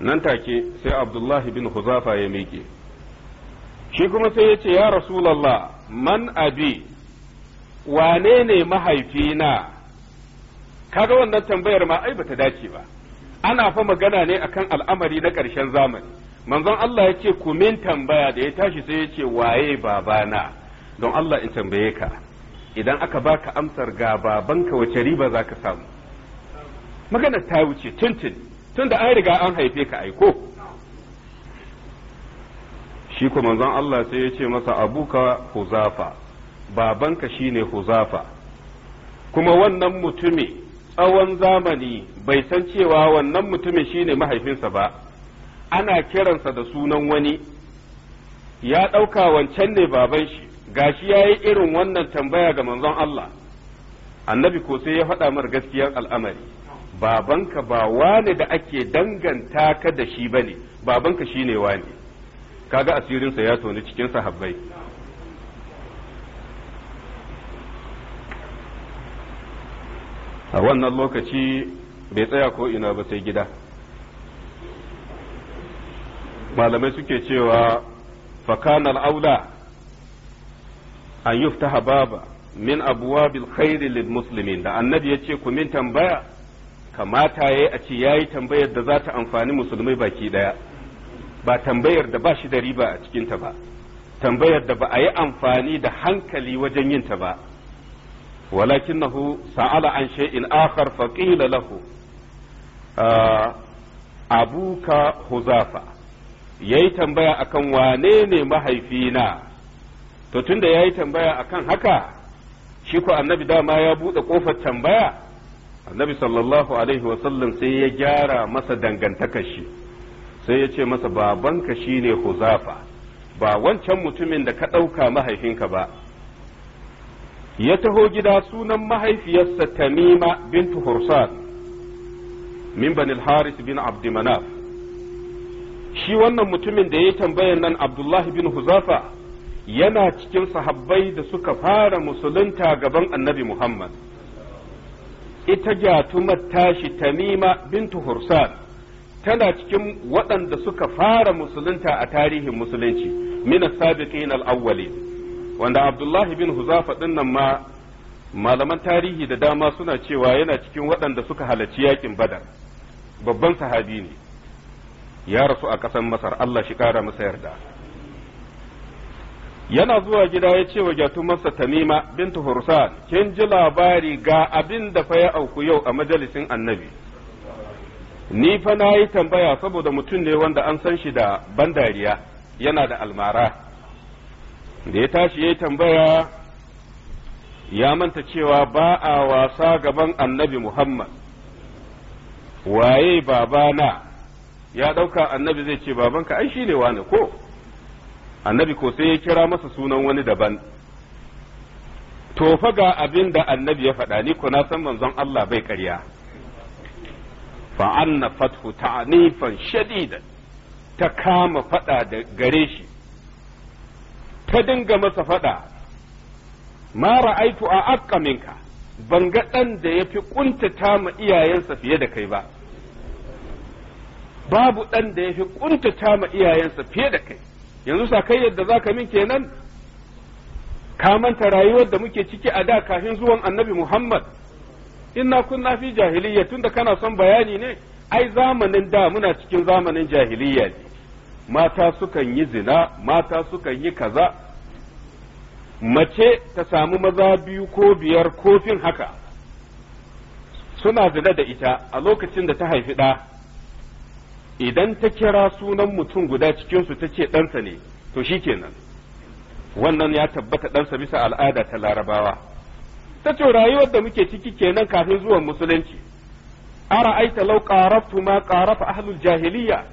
nan take sai abdullahi bin huzafa ya miƙe shi kuma sai ya ce ya rasulallah man abi wane ne mahaifina kaga wannan tambayar ma ai bata dace ba ana fa magana ne akan al'amari na karshen zamani manzon Allah ya ce ku min tambaya da ya tashi sai ya ce waye babana don Allah in tambaye ka idan aka baka amsar ga babanka wace riba za ka samu maganar ta wuce tuntun tun da an riga an haife ka aiko shi ko manzon Allah sai ya ce masa abuka huzafa babanka shine huzafa kuma wannan mutumi tsawon zamani bai san cewa wannan mutumin shine mahaifinsa ba ana kiransa da sunan wani ya ɗauka wancan ne baban shi gashi ya yi irin wannan tambaya ga manzon Allah annabi ko sai ya faɗa mar gaskiyar al'amari babanka ba wani da ake danganta ka da shi bane babanka shine wani. kaga asirinsa ya toni cikin sahabbai a wannan lokaci bai tsaya ko ina ba sai gida malamai suke cewa fakanar aula an yuftaha baba min abuwabil khairi lil muslimin da annabi ya ce ku min tambaya kamata yayi a ce yayi tambayar da za ta amfani musulmai baki daya ba tambayar da ba shi da riba a cikinta ba tambayar da ba a yi amfani da hankali wajen yinta ba walakinahu sa'ala an shay'in akhar fa qila lahu ah, abuka huzafa yayi tambaya akan wane ne mahaifina to tunda yi tambaya akan haka shi ko annabi dama ya buɗe ƙofar tambaya annabi sallallahu alaihi wasallam sai ya gyara masa dangantakar shi sai ya ce masa babanka shine huzafa ba wancan mutumin da ka ɗauka mahaifinka ba ya taho gida sunan mahaifiyarsa tamima bintu hursan min banil haris bin abdimanaf shi wannan mutumin da ya yi tambayan nan abdullahi bin huzafa yana cikin sahabbai da suka fara musulunta gaban annabi muhammad ita jatumar tashi tamima bintu hursan tana cikin waɗanda suka fara musulunta a tarihin musulunci min as-sabiqin al-awwalin wanda Abdullahi bin Huzafa nan ma malaman tarihi da dama suna cewa yana cikin waɗanda suka halarci yakin Badar babban sahabi ne ya rasu a ƙasar Masar Allah shi kara masa yarda yana zuwa gida ya ce wa gyatumarsa Tamima bintu Hursan kin ji labari ga abin da fa ya auku yau a majalisin Annabi ni fa na yi tambaya saboda mutum ne wanda an san shi da ban dariya yana da almara da ya tashi ya yi tambaya ya manta cewa ba a wasa gaban annabi muhammad waye babana ya ɗauka annabi zai ce babanka an shi ne wani ko annabi ko sai ya kira masa sunan wani daban to fa ga abin da annabi ya faɗa ni ko na san manzon Allah bai ƙarya fa'anna fathu ta'anifan shadidan ta kama fada da gare shi ta dinga masa fada ma ra'aitu a aqqa ban ga dan da yafi ƙuntata ma iyayensa fiye da kai ba babu dan da yafi ƙuntata ma iyayensa fiye da kai yanzu sa kai yadda zaka min kenan ka manta rayuwar da muke ciki a da kafin zuwan annabi Muhammad inna kunna fi jahiliyya tunda kana son bayani ne ai zamanin da muna cikin zamanin jahiliya ne mata sukan yi zina mata sukan yi kaza mace ta samu maza biyu ko biyar kofin haka suna zina da ita a lokacin da ta haifi ɗa idan ta kira sunan mutum guda cikinsu ta ce ɗansa ne to shikenan wannan ya tabbata ɗansa bisa al'ada ta larabawa ta ce rayuwar da muke ciki kenan kafin zuwan musulunci ara aita lau qaraftu ma qarafa ahlul jahiliya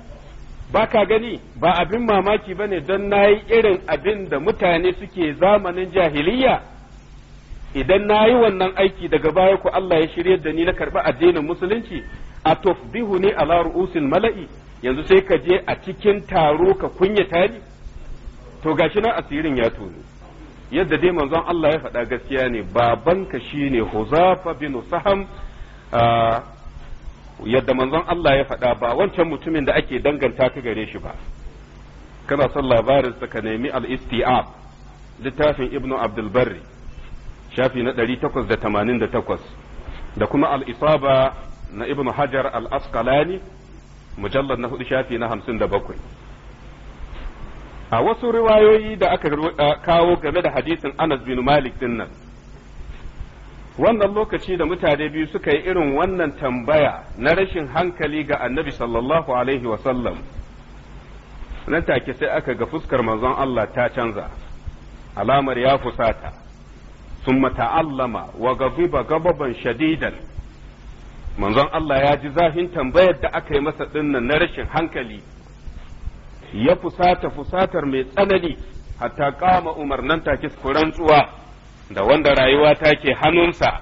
ba ka gani ba abin mamaki ba ne don nayi irin abin da mutane suke zamanin jahiliya idan nayi wannan aiki daga baya ku Allah ya shirya da ni na karba addinin musulunci a tufbihu ne ala ru'usil mala'i yanzu sai ka je a cikin taro ka kunyata ni to gashi nan asirin ya tono yadda dai manzon Allah ya faɗa gaskiya ne babanka shine Huzafa bin Saham yadda manzon Allah ya faɗa ba wancan mutumin da ake danganta ka gare shi ba kana son labarinsa ka nemi al-istiab littafin ibnu abdul barri shafi na 888 da kuma al-isaba na ibnu hajar al-asqalani mujallad na hudu shafi na 57 a wasu riwayoyi da aka kawo game da hadisin Anas bin Malik din nan wannan lokaci da mutane biyu suka yi irin wannan tambaya na rashin hankali ga annabi sallallahu alaihi wasallam nan take sai aka ga fuskar manzon Allah ta canza alamar ya fusata sun mata'allama wa gabiba gababan shadidan manzon Allah ya ji zafin tambayar da aka yi masa dinnan na rashin hankali ya fusata fusatar mai tsanani hatta kama umar nan take rantsuwa da wanda rayuwa take hannunsa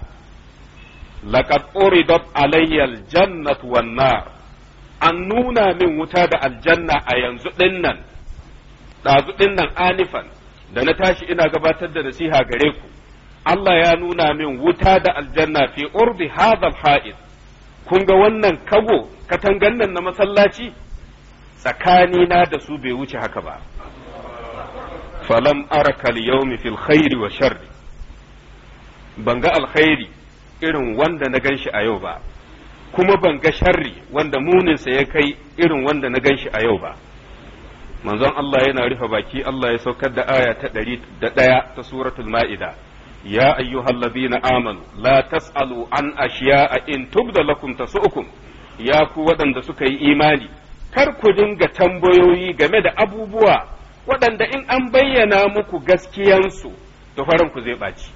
laqad uridat alayya aljannatu wan nar an nuna min wuta da aljanna a yanzu dinnan dazu dinnan alifan. da na tashi ina gabatar da nasiha gare ku Allah ya nuna min wuta da aljanna fi urdi hadha alha'id kun ga wannan kago katangan nan na masallaci tsakanina da su bai wuce haka ba falam arakal yaumi fil khairi wa sharri ban ga alkhairi irin wanda na ganshi a yau ba kuma ban ga sharri wanda muninsa ya kai irin wanda na ganshi a yau ba manzon Allah yana rufe baki Allah ya saukar da aya ta ɗari da ɗaya ta suratul ma'ida ya ayyuhallazina amanu la tas'alu an ashiya'a in tubda lakum tasu'ukum ya ku waɗanda suka yi imani kar ku dinga tambayoyi game da abubuwa waɗanda in an bayyana muku gaskiyansu da faran ku zai ɓaci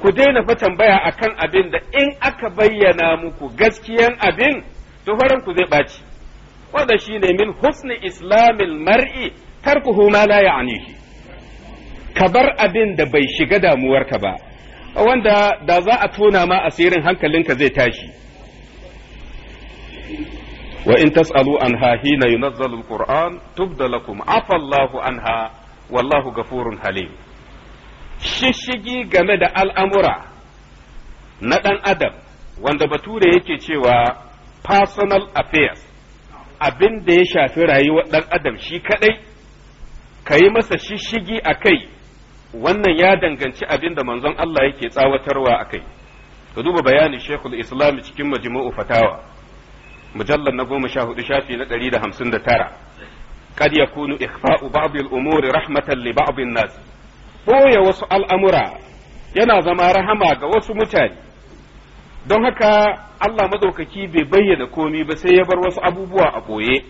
ku daina fa tambaya akan abin da in aka bayyana muku gaskiyan abin to faran ku zai ɓaci wanda shi ne min husni islamil mar'i tarkuhu ma la ya'nihi ka bar abin da bai shiga damuwarka ba wanda da za a tona ma asirin hankalinka zai tashi wa in tas'alu anha hina yunazzalu alquran tubda lakum afa Allahu anha wallahu gafurun halim shishigi game da al'amura na ɗan adam wanda bature yake cewa personal affairs abin da ya shafi rayuwar ɗan adam shi kaɗai ka yi masa shishigi a kai wannan ya danganci abin da manzon Allah yake tsawatarwa a kai ka duba bayanin shekul islam cikin majmu'u fatawa mujallar na goma sha hudu shafi na ɗari da hamsin da tara kad ya kunu ikfa'u ba'dil umuri rahmatan li ba'din nas boye wasu al'amura yana zama rahama ga wasu mutane don haka Allah madaukaki bai bayyana komi ba sai ya bar wasu abubuwa a boye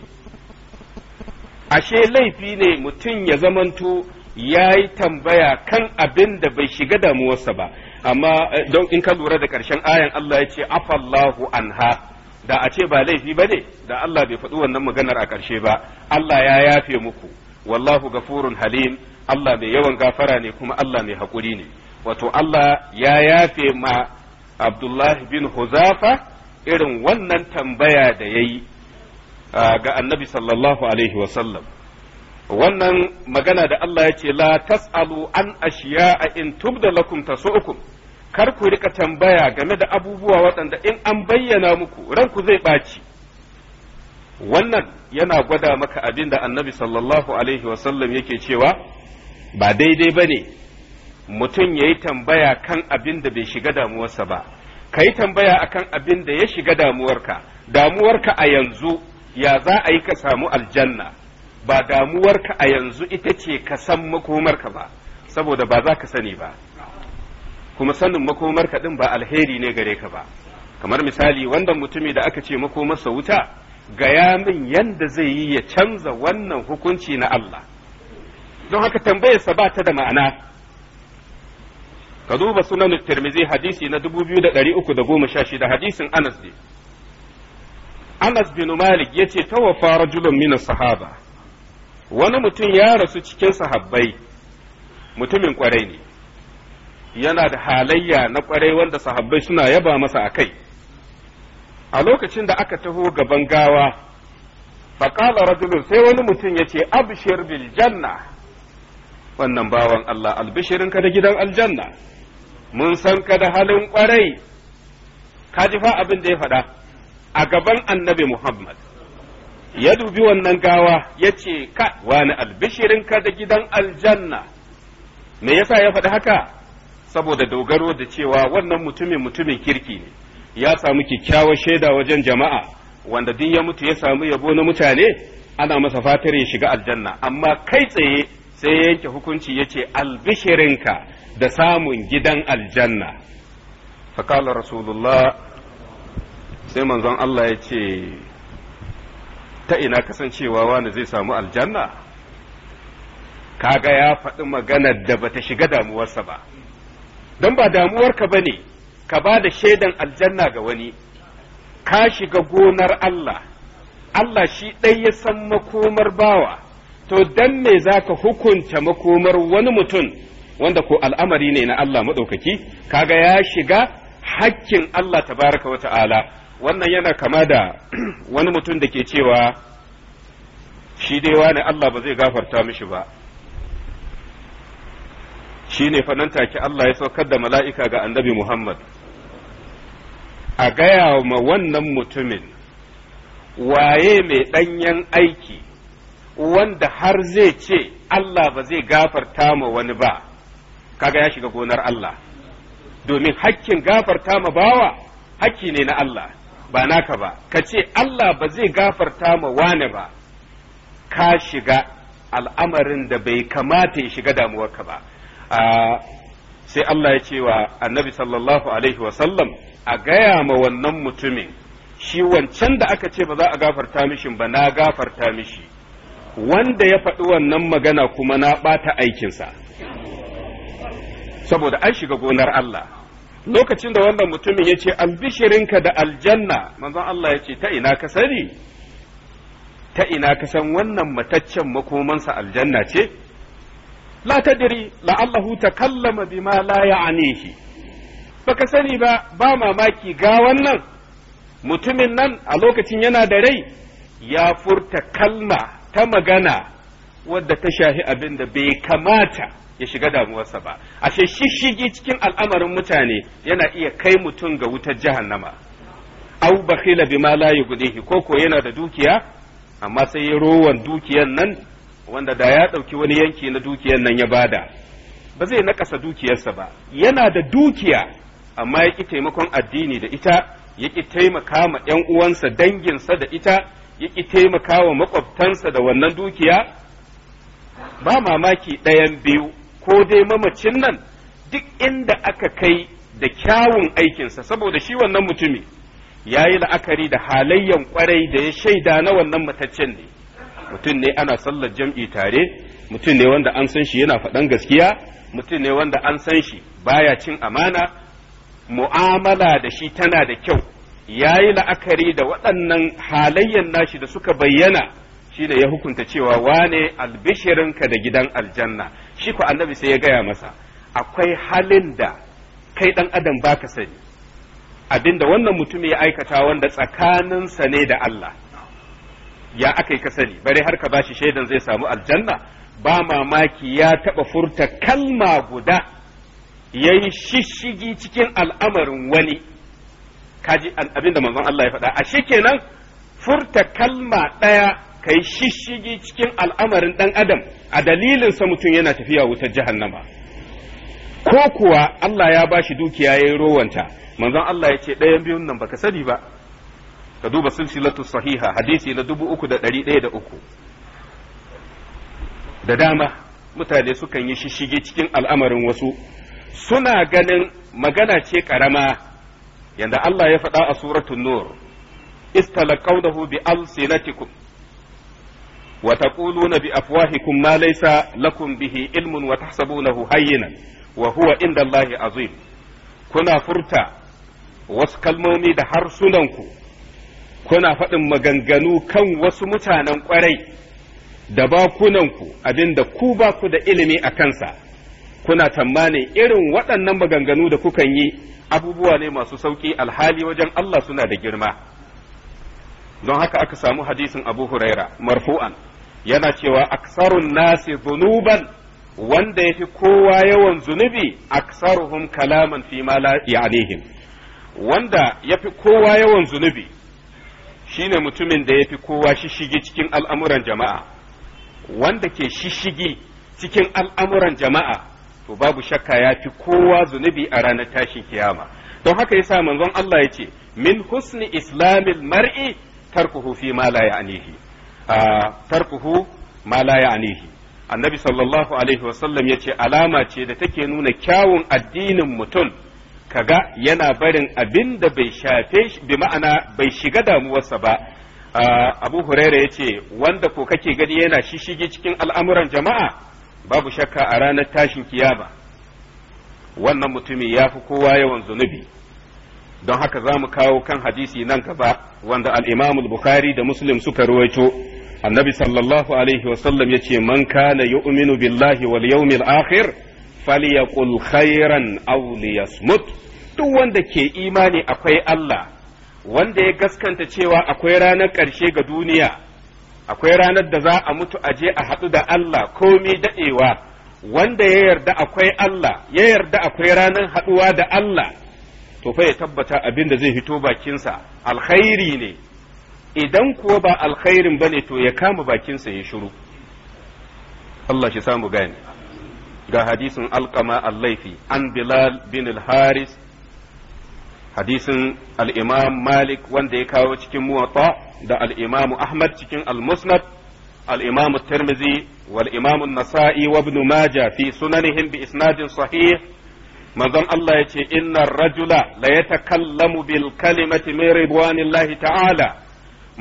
ashe laifi ne mutum ya zamanto ya yi tambaya kan abin da bai shiga damuwarsa ba amma eh, don in ka lura da ƙarshen ayan Allah ya ce afallahu anha da a ce ba laifi ba ne da Allah bai faɗi wannan maganar a ƙarshe ba Allah ya yafe muku wallahu gafurun halim Allah mai yawan gafara ne kuma Allah mai haƙuri ne wato Allah ya yafe ma Abdullahi bin Huzafa irin wannan tambaya da ya yi ga annabi sallallahu alaihi wasallam wannan magana da Allah ya ce la tas'alu an ashiya in tubda lakum tasu'ukum kar ku rika tambaya game da abubuwa waɗanda in an bayyana muku ranku zai ɓaci wannan yana gwada maka abin da annabi sallallahu alaihi wasallam yake cewa ba daidai ba ne mutum ya yi tambaya kan abin da bai shiga damuwarsa ba ka yi tambaya akan abin da ya shiga damuwarka damuwarka a yanzu ya za a yi ka samu aljanna ba damuwarka a yanzu ita ce ka san makomarka ba saboda ba za ka sani ba kuma sanin makomar ka din ba alheri ne gare ka ba kamar misali wanda mutumi da aka ce makomarsa wuta gaya min yanda zai yi ya canza wannan hukunci na Allah don haka tambayarsa ba ta da ma'ana ka duba sunan tirmizi hadisi na 2316 hadisin Anas ne Anas bin Malik yace tawaffa rajulun min sahaba wani mutum ya rasu cikin sahabbai mutumin kwarai ne yana da halayya na kwarai wanda sahabbai suna yaba masa a kai a lokacin da aka taho gaban gawa faƙala rajulun sai wani mutum ya ce abshir bil janna wannan bawan Allah ka da gidan aljanna mun san ka da halin kwarai ka ji fa abin da ya faɗa a gaban annabi Muhammad ya dubi wannan gawa ya ce ka wani ka da gidan aljanna me yasa ya faɗi haka saboda dogaro da cewa wannan mutumin mutumin kirki ne ya samu kyakkyawar shaida wajen jama'a wanda duk ya mutu ya samu yabo na mutane ana masa fatar ya shiga aljanna amma kai tsaye sai ya yanke hukunci ya ce albishirinka da samun gidan aljanna fakala rasulullah sai manzon Allah ya ce ta ina kasancewa wani zai samu aljanna kaga ya faɗi maganar da bata shiga damuwarsa ba don ba damuwarka ba ne ka ba da shaidan aljanna ga wani ka shiga gonar Allah Allah shi ɗai ya san makomar bawa to dan me za ka hukunta makomar wani mutum wanda ko al'amari ne na Allah maɗaukaki kaga ya shiga hakkin Allah tabaraka wa ta'ala wannan yana kama da wani mutum da ke cewa shi dai wani Allah ba zai gafarta mishi ba shine fa nan take Allah ya saukar da mala'ika ga annabi Muhammad a gaya ma wannan mutumin waye mai ɗanyen aiki wanda har zai ce Allah ba zai gafarta ma wani ba kaga ya shiga gonar Allah domin hakkin gafarta ma bawa hakki ne na Allah ba naka ba ka ce Allah ba zai gafarta ma wane ba ka shiga al'amarin da bai kamata ya shiga damuwarka ba sai Allah ya ce wa annabi sallallahu alaihi wasallam a gaya ma wannan mutumin shi wancan da aka ce ba za a gafarta mishi ba na gafarta mishi wanda ya faɗi wannan magana kuma na ɓata aikinsa saboda an shiga gonar Allah lokacin da wannan mutumin ya ce albishirinka da aljanna manzon Allah ya ce ta ina ka sani ta ina ka san wannan mataccen makomansa aljanna ce la tadri la'allahu takallama bima la ya'nihi baka sani ba ba mamaki ga wannan mutumin nan a lokacin yana da rai ya furta kalma ta magana wadda ta shafi abin da bai kamata ya shiga damuwarsa ba ashe shishigi cikin al'amarin mutane yana iya kai mutum ga wutar jahannama au bakhila bima la yughnihi koko yana da dukiya amma sai ya rowan dukiyan nan wanda da ya ɗauki wani yanki na dukiyar nan ya bada ba zai nakasa dukiyarsa ba yana da dukiya amma ya ƙi taimakon addini da ita ya ƙi taimaka ma ‘yan uwansa danginsa da ita ya ƙi taimaka wa maƙwabtansa da wannan dukiya ba mamaki ɗayan biyu ko dai mamacin nan duk inda aka kai da kyawun aikinsa saboda shi wannan mutumi ya yi la'akari da halayyan kwarai da ya shaida na wannan mataccen ne mutum ne ana sallar jam'i tare mutum ne wanda an san shi yana faɗan gaskiya mutum ne wanda an san shi baya cin amana mu'amala da shi tana da kyau ya yi la'akari da waɗannan halayyan nashi da suka bayyana shi ne ya hukunta cewa wane albishirinka da gidan aljanna shi ku annabi sai ya gaya masa akwai halin da kai ɗan adam baka sani abinda wannan mutum ya aikata wanda tsakaninsa ne da Allah ya aka yi ka sani bare har ka bashi shaidan zai samu aljanna ba mamaki ya taɓa furta kalma guda ya yi shishigi cikin al'amarin wani kaji abin da manzon Allah ya faɗa a shikenan furta kalma ɗaya ka yi shishigi cikin al'amarin ɗan adam a dalilinsa mutum yana tafiya wutar jahannama ko kuwa Allah ya bashi dukiya ya yi rowanta manzon Allah ya ce ɗayan biyun nan baka sani ba ka duba silsilatu sahiha hadisi na dubu uku da ɗari ɗaya da uku da dama mutane sukan yi shishige cikin al'amarin wasu suna ganin magana ce ƙarama yadda Allah ya faɗa a suratun nur istalaqawnahu bi alsinatikum wa taquluna bi afwahikum ma laysa lakum bihi ilmun wa tahsabunahu hayyinan wa huwa inda Allahi azim kuna furta wasu kalmomi da harsunanku kuna faɗin maganganu kan wasu mutanen ƙwarai da bakunanku abinda ku ba ku da ilimi a kansa kuna tammanin irin waɗannan maganganu da kukan yi abubuwa ne masu sauƙi alhali wajen Allah suna da girma don haka aka samu hadisin abu huraira marfu'an yana cewa aksarun nasi zunuban wanda ya fi kowa yawan zunubi aksaruhum kalaman fi ma la wanda ya fi kowa yawan zunubi shine mutumin da ya fi kowa shishigi cikin al'amuran jama'a wanda ke shishigi cikin al'amuran jama'a to babu shakka ya fi kowa zunubi a ranar tashin kiyama don haka yasa manzon Allah ya ce min husni islamil mar'i tarkuhu fi ma la ah, tarkuhu ma la annabi sallallahu alaihi wasallam ya ce alama ce da take nuna kyawun addinin mutum kaga yana barin abin da bai shafe shi bi ma'ana bai shiga damuwarsa ba ah, abu huraira ya ce wanda ko kake gani yana shishigi cikin al'amuran jama'a babu shakka a ranar tashin kiyama wannan mutumin ya fi kowa yawan zunubi don haka za mu kawo kan hadisi nan gaba wanda al'imamul bukhari da muslim suka ruwaito annabi sallallahu alaihi wasallam ya ce man kana yu'minu billahi wal yawmil akhir فليقل خيرا او ليصمت duk wanda ke imani akwai Allah wanda ya gaskanta cewa akwai ranar ƙarshe ga duniya akwai ranar da za a mutu aje a haɗu da Allah komai daɗewa wanda ya yarda akwai Allah ya yarda akwai ranar haɗuwa da Allah to fa ya tabbata abin da zai fito bakinsa alkhairi ne idan kuwa ba alkhairin bane to ya kama bakinsa ya shiru Allah shi samu gane ga hadisin alkama a laifi an bilal bin al-haris hadisin al'imam malik wanda ya kawo cikin muwatta da alimamu ahmad cikin al-musnad al-imam tirmidhi wal nasai wa ibn majah fi sunanihim bi isnadin sahih manzon Allah ya ce inna rajula la yatakallamu bil kalimati min ridwanillahi ta'ala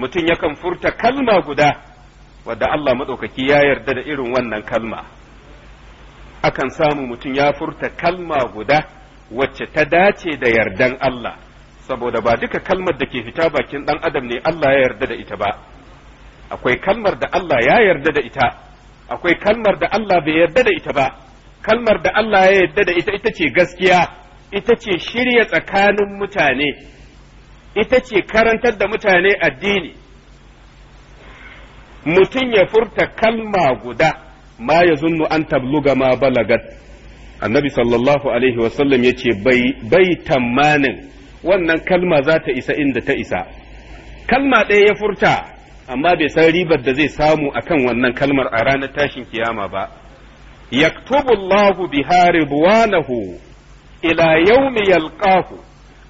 mutum yakan furta kalma guda wadda Allah madaukaki ya yarda da irin wannan kalma akan samu mutum ya furta kalma guda wacce ta dace da yardan Allah saboda ba duka kalmar da ke fita bakin dan adam ne Allah ya yarda da ita ba akwai kalmar da Allah ya yarda da ita akwai kalmar da Allah bai yarda da ita ba kalmar da Allah ya yarda da ita ita ce gaskiya ita ce shirya tsakanin mutane ita ce karantar da mutane addini mutum ya furta kalma guda ma ya zunnu an tabluga ma balagat annabi sallallahu alaihi wasallam ya ce bai tamanin wannan kalma za ta isa inda ta isa kalma ɗaya ya furta amma bai san ribar da zai samu a kan wannan kalmar a ranar tashin kiyama ba yaktubullahu Bihari ridwanahu ila yawmi yalqahu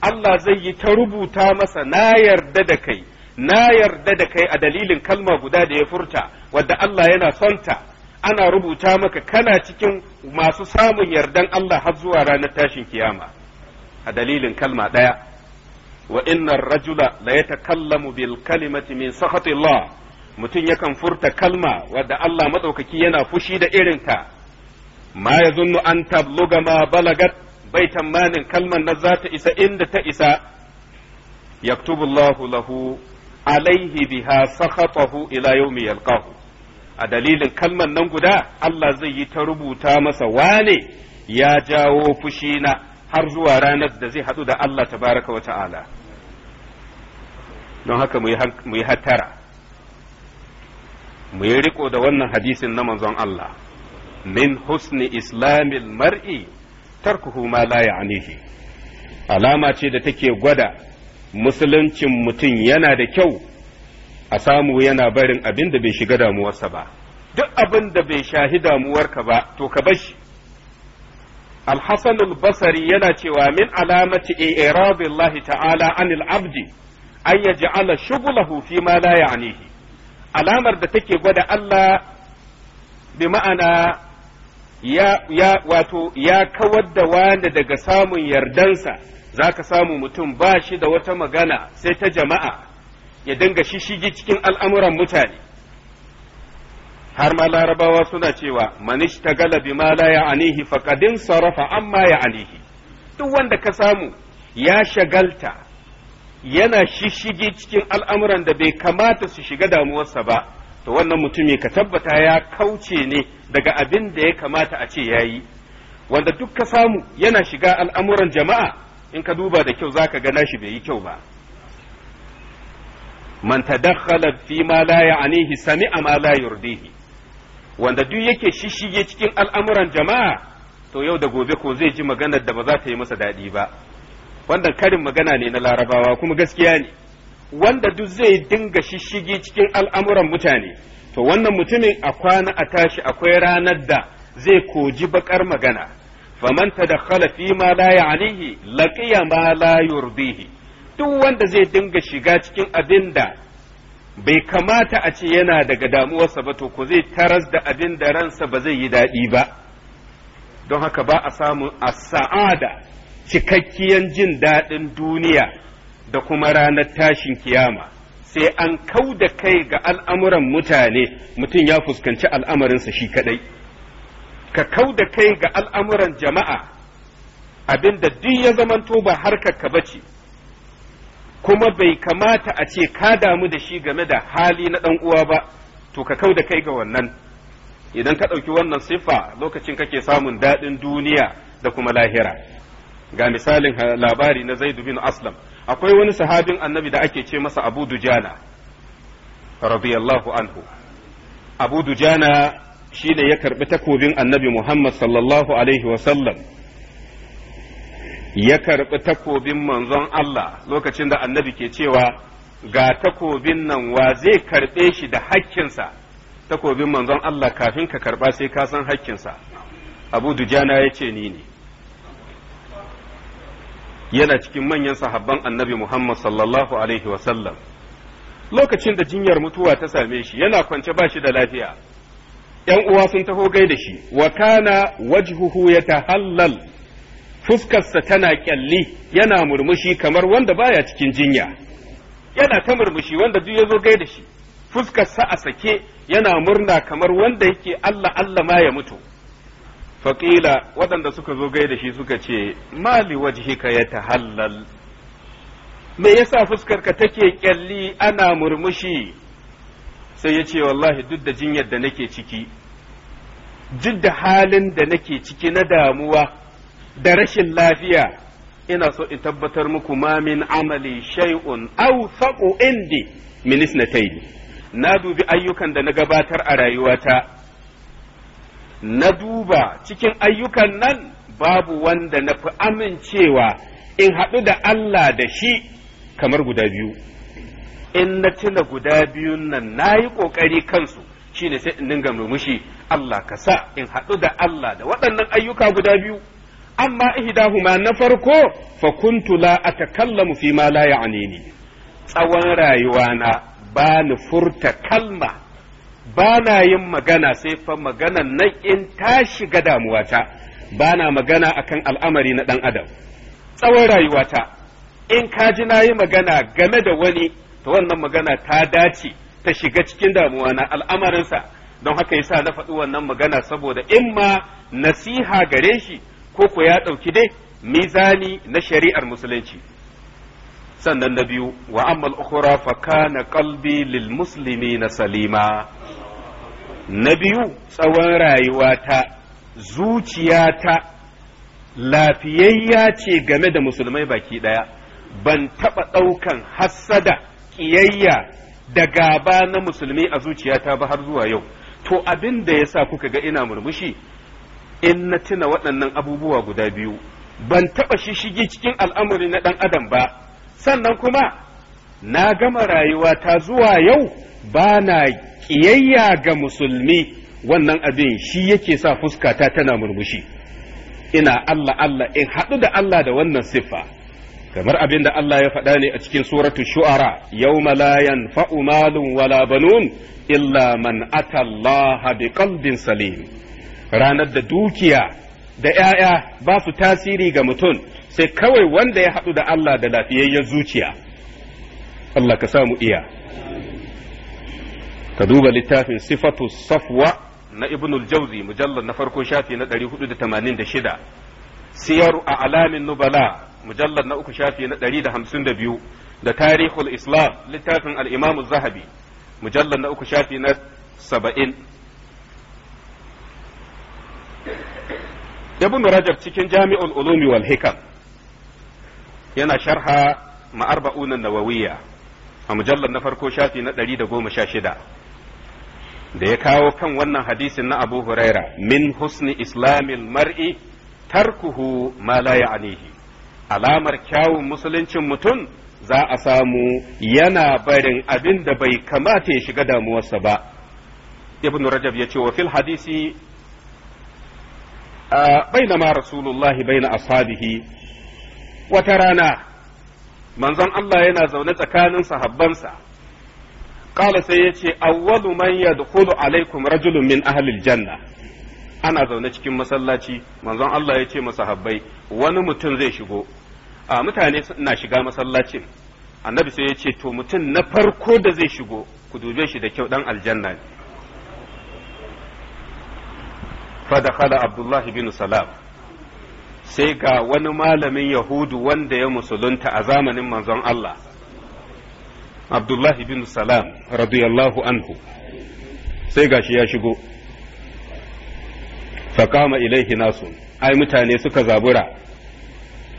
Allah zai yi ta rubuta masa na yarda da kai na yarda da kai a dalilin kalma guda da ya furta wadda Allah yana sonta ana rubuta maka kana cikin masu samun yardan Allah har zuwa ranar tashin kiyama a dalilin kalma ɗaya wa innar rajula la kallamu bil kalimati min sakhatillah mutum yakan furta kalma wadda Allah matsaukaki yana fushi da irinta ma zunnu an tabluga ma balagat bai tamanin kalman na za ta isa inda ta isa Yaktubullahu lahu alaihi biha sakhatahu ila yawmi yalqahu a dalilin kalman nan guda Allah zai yi ta rubuta masa wane ya jawo fushi na har zuwa ranar da zai haɗu da Allah tabaraka wa ta'ala don haka mu yi hattara mu yi riko da wannan hadisin na manzon Allah min husni islamil mar'i tarkuhu ma la ya'nihi alama ce da take gwada musuluncin mutum yana da kyau a samu yana barin abin da bai shiga damuwarsa ba duk abin da bai shahi damuwarka ba to ka bashi. alhassanul basari yana cewa min alamati iradillahi ta'ala anil abdi an yaj'ala shughlahu fi ma la ya'nihi alamar da take gwada Allah bi ma'ana ya ya wato ya kawar da wanda daga samun yardansa zaka samu mutum ba shi da wata magana sai ta jama'a ya dinga shishigi cikin al'amuran mutane har ma larabawa suna cewa manish ta galabi ma la ya anihi faƙadin sarrafa amma ya anihi duk wanda ka samu ya shagalta yana shishigi cikin al'amuran da bai kamata su shiga damuwarsa ba to wannan mutumi ka tabbata ya kauce ne daga abin da ya kamata a ce ya yi wanda duk ka samu yana shiga al'amuran jama'a in ka duba da kyau za ka gana shi bai yi kyau ba man tadakhala fi ma la ya'nihi sami'a ma la yurdihi wanda duk yake shishige cikin al'amuran jama'a to yau da gobe ko zai ji maganar da ba za ta yi masa daɗi ba wannan karin magana ne na larabawa kuma gaskiya ne wanda duk zai dinga shishige cikin al'amuran mutane to wannan mutumin a kwana a tashi akwai ranar da zai koji bakar magana faman tadakhala fi ma la ya'nihi laqiya ma la yurdihi duk wanda zai dinga shiga cikin abin da bai kamata a ce yana daga damuwarsa ba to ko zai taras da abin da ransa ba zai yi daɗi ba don haka ba a samu a sa'ada cikakkiyan jin daɗin duniya da kuma ranar tashin kiyama sai an kau da kai ga al'amuran mutane mutum ya fuskanci al'amarinsa shi kaɗai ka kau da kai ga al'amuran jama'a abin da duk ya zamanto ba harkar ka bace kuma bai kamata a ce ka damu da shi game da hali na ɗan uwa ba to ka kau da kai ga wannan idan ka ɗauki wannan siffa lokacin kake samun daɗin duniya da kuma lahira ga misalin labari na zaidu bin aslam akwai wani sahabin annabi da ake ce masa abu dujana radiyallahu anhu abu dujana shine ya karɓi takobin annabi muhammad sallallahu alaihi sallam. ya karɓi takobin manzon Allah lokacin da annabi ke cewa ga takobin nan wa zai karɓe shi da hakkinsa takobin manzon Allah kafin ka karɓa sai ka san hakkinsa abu dujana ya ce ni ne yana cikin manyan sahabban annabi Muhammad sallallahu alaihi wasallam lokacin da jinyar mutuwa ta same shi yana kwance ba shi da lafiya ‘yan uwa sun taho gai da shi wa kana wajhuhu ya tahallal fuskarsa tana kyalli yana murmushi kamar wanda baya cikin jinya yana ta murmushi wanda duk yazo zo gaida shi fuskarsa a sake yana murna kamar wanda yake Allah Allah ma ya mutu faƙila waɗanda suka zo gaida shi suka ce mali wajhika ya tahallal me yasa fuskarka take kyalli ana murmushi sai ya ce wallahi duk da jinyar da nake ciki duk da halin da nake ciki na damuwa da rashin lafiya ina so in tabbatar muku ma min amali shay'un aw saqu indi min isnatayni na dubi ayyukan da na gabatar a rayuwata na duba cikin ayyukan nan babu wanda na fi amincewa in haɗu da Allah da shi kamar guda biyu in na tuna guda biyun nan na yi ƙoƙari kansu shine sai in dinga murmushi Allah ka sa in haɗu da Allah da waɗannan ayyuka guda biyu amma ihdahuma na farko fa kuntu la atakallamu fi ma la ya'nini tsawon rayuwana ba ni furta kalma ba na yin magana sai fa magana nan in ta shiga damuwata ba na magana akan al'amari na dan adam tsawon rayuwata in ka ji na yi magana game da wani ta wannan magana ta dace ta shiga cikin damuwana al'amarinsa don haka yasa na faɗi wannan magana saboda in ma nasiha gare shi ko ya ɗauki dai mizani na shari'ar musulunci sannan na biyu wa ammal ukhra fa kana qalbi lil muslimina salima na biyu tsawon rayuwata zuciyata lafiyayya ce game da musulmai baki ɗaya. ban taɓa ɗaukan hassada ƙiyayya da gaba na musulmi a zuciyata ba har zuwa yau to abin da ya sa kuka ga ina murmushi in na tuna waɗannan abubuwa guda biyu ban taɓa shishigi cikin al'amuri na ɗan adam ba sannan kuma na gama rayuwa ta zuwa yau ba na ƙiyayya ga musulmi wannan abin shi yake sa fuskata tana murmushi ina Allah Allah in haɗu da Allah da wannan siffa kamar abin da Allah ya faɗa ne a cikin suratu shu'ara yawma la yanfa'u malun wala banun illa man atallaha biqalbin salim ranar da dukiya da ‘ya'ya ba su tasiri ga mutum sai kawai wanda ya haɗu da Allah da lafiyayyen zuciya Allah ka samu iya ka duba littafin sifatu safwa na ibnul jauzi mujallar na farko shafi na 486 Siyaru a alamin nubala mujallar na uku shafi na 152 da tarihul islam littafin al'imamu zahabi mujallar na uku shafi na 70 ibn rajab cikin jami'ul ulumi wal hikam yana sharha ma'arba'una nawawiyya a mujallar na farko shafi na 116 da ya kawo kan wannan hadisin na abu huraira min husni islamil mar'i tarkuhu ma la ya'nihi alamar kyawun musuluncin mutum za a samu yana barin abin da bai kamata ya shiga damuwarsa ba ibn rajab ya ce wa fil hadisi baina ma rasulullahi baina ashabihi wata rana manzon Allah yana zaune tsakanin sahabbansa kala sai yace awwalu man yadkhulu alaikum rajulun min ahli aljanna ana zaune cikin masallaci manzon Allah yace ma sahabbai wani mutum zai shigo a mutane na shiga masallacin annabi sai yace to mutum na farko da zai shigo ku dube shi da kyau dan aljanna ne fadakhala abdullahi bin salam sai ga wani malamin yahudu wanda ya musulunta a zamanin manzon Allah abdullahi bin salam radiyallahu anhu sai gashi ya shigo faƙama ilaihi nasu ai mutane suka zabura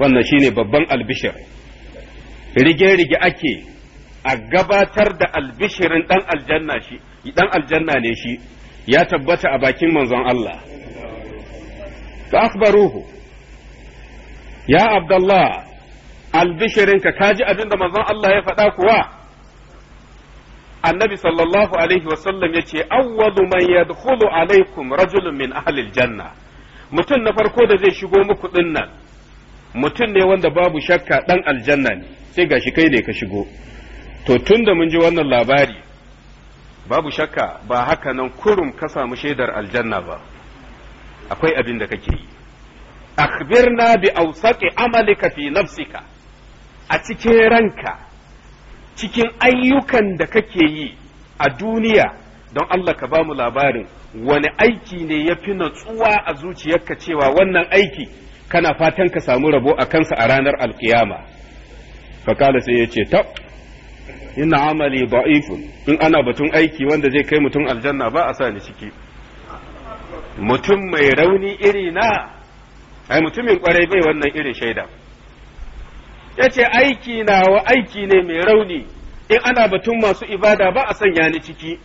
wannan shine babban albishir rige-rige ake a gabatar da albishirin dan aljanna ne shi ya tabbata a bakin manzon Allah فأخبروه يا عبد الله البشرين كاجي أبن رمضان الله يفداك وا النبي صلى الله عليه وسلم يتي أول ya يدخل عليكم رجل من أهل الجنة mutum na farko da zai shigo muku dinnan mutum ne wanda babu shakka ɗan aljanna ne sai gashi kai ne ka shigo to tun da mun ji wannan labari babu shakka ba haka nan kurum ka samu shaidar aljanna ba akwai abin da kake yi akhbirna bi awsaqi amalika fi nafsika a cikin ranka cikin ayyukan da kake yi a duniya don Allah ka bamu labarin wani aiki ne ya fi natsuwa a zuciyarka cewa wannan aiki kana fatan ka samu rabo a kansa a ranar alkiyama fakala sai yace ce ta ina amali da'ifun in ana batun aiki wanda zai kai mutum aljanna ba a sa ni ciki mutum mai rauni iri na ai mutumin kwarai bai wannan irin shaida ya ce aiki wa aiki ne mai rauni in ana batun masu ibada ba a sanya ni ciki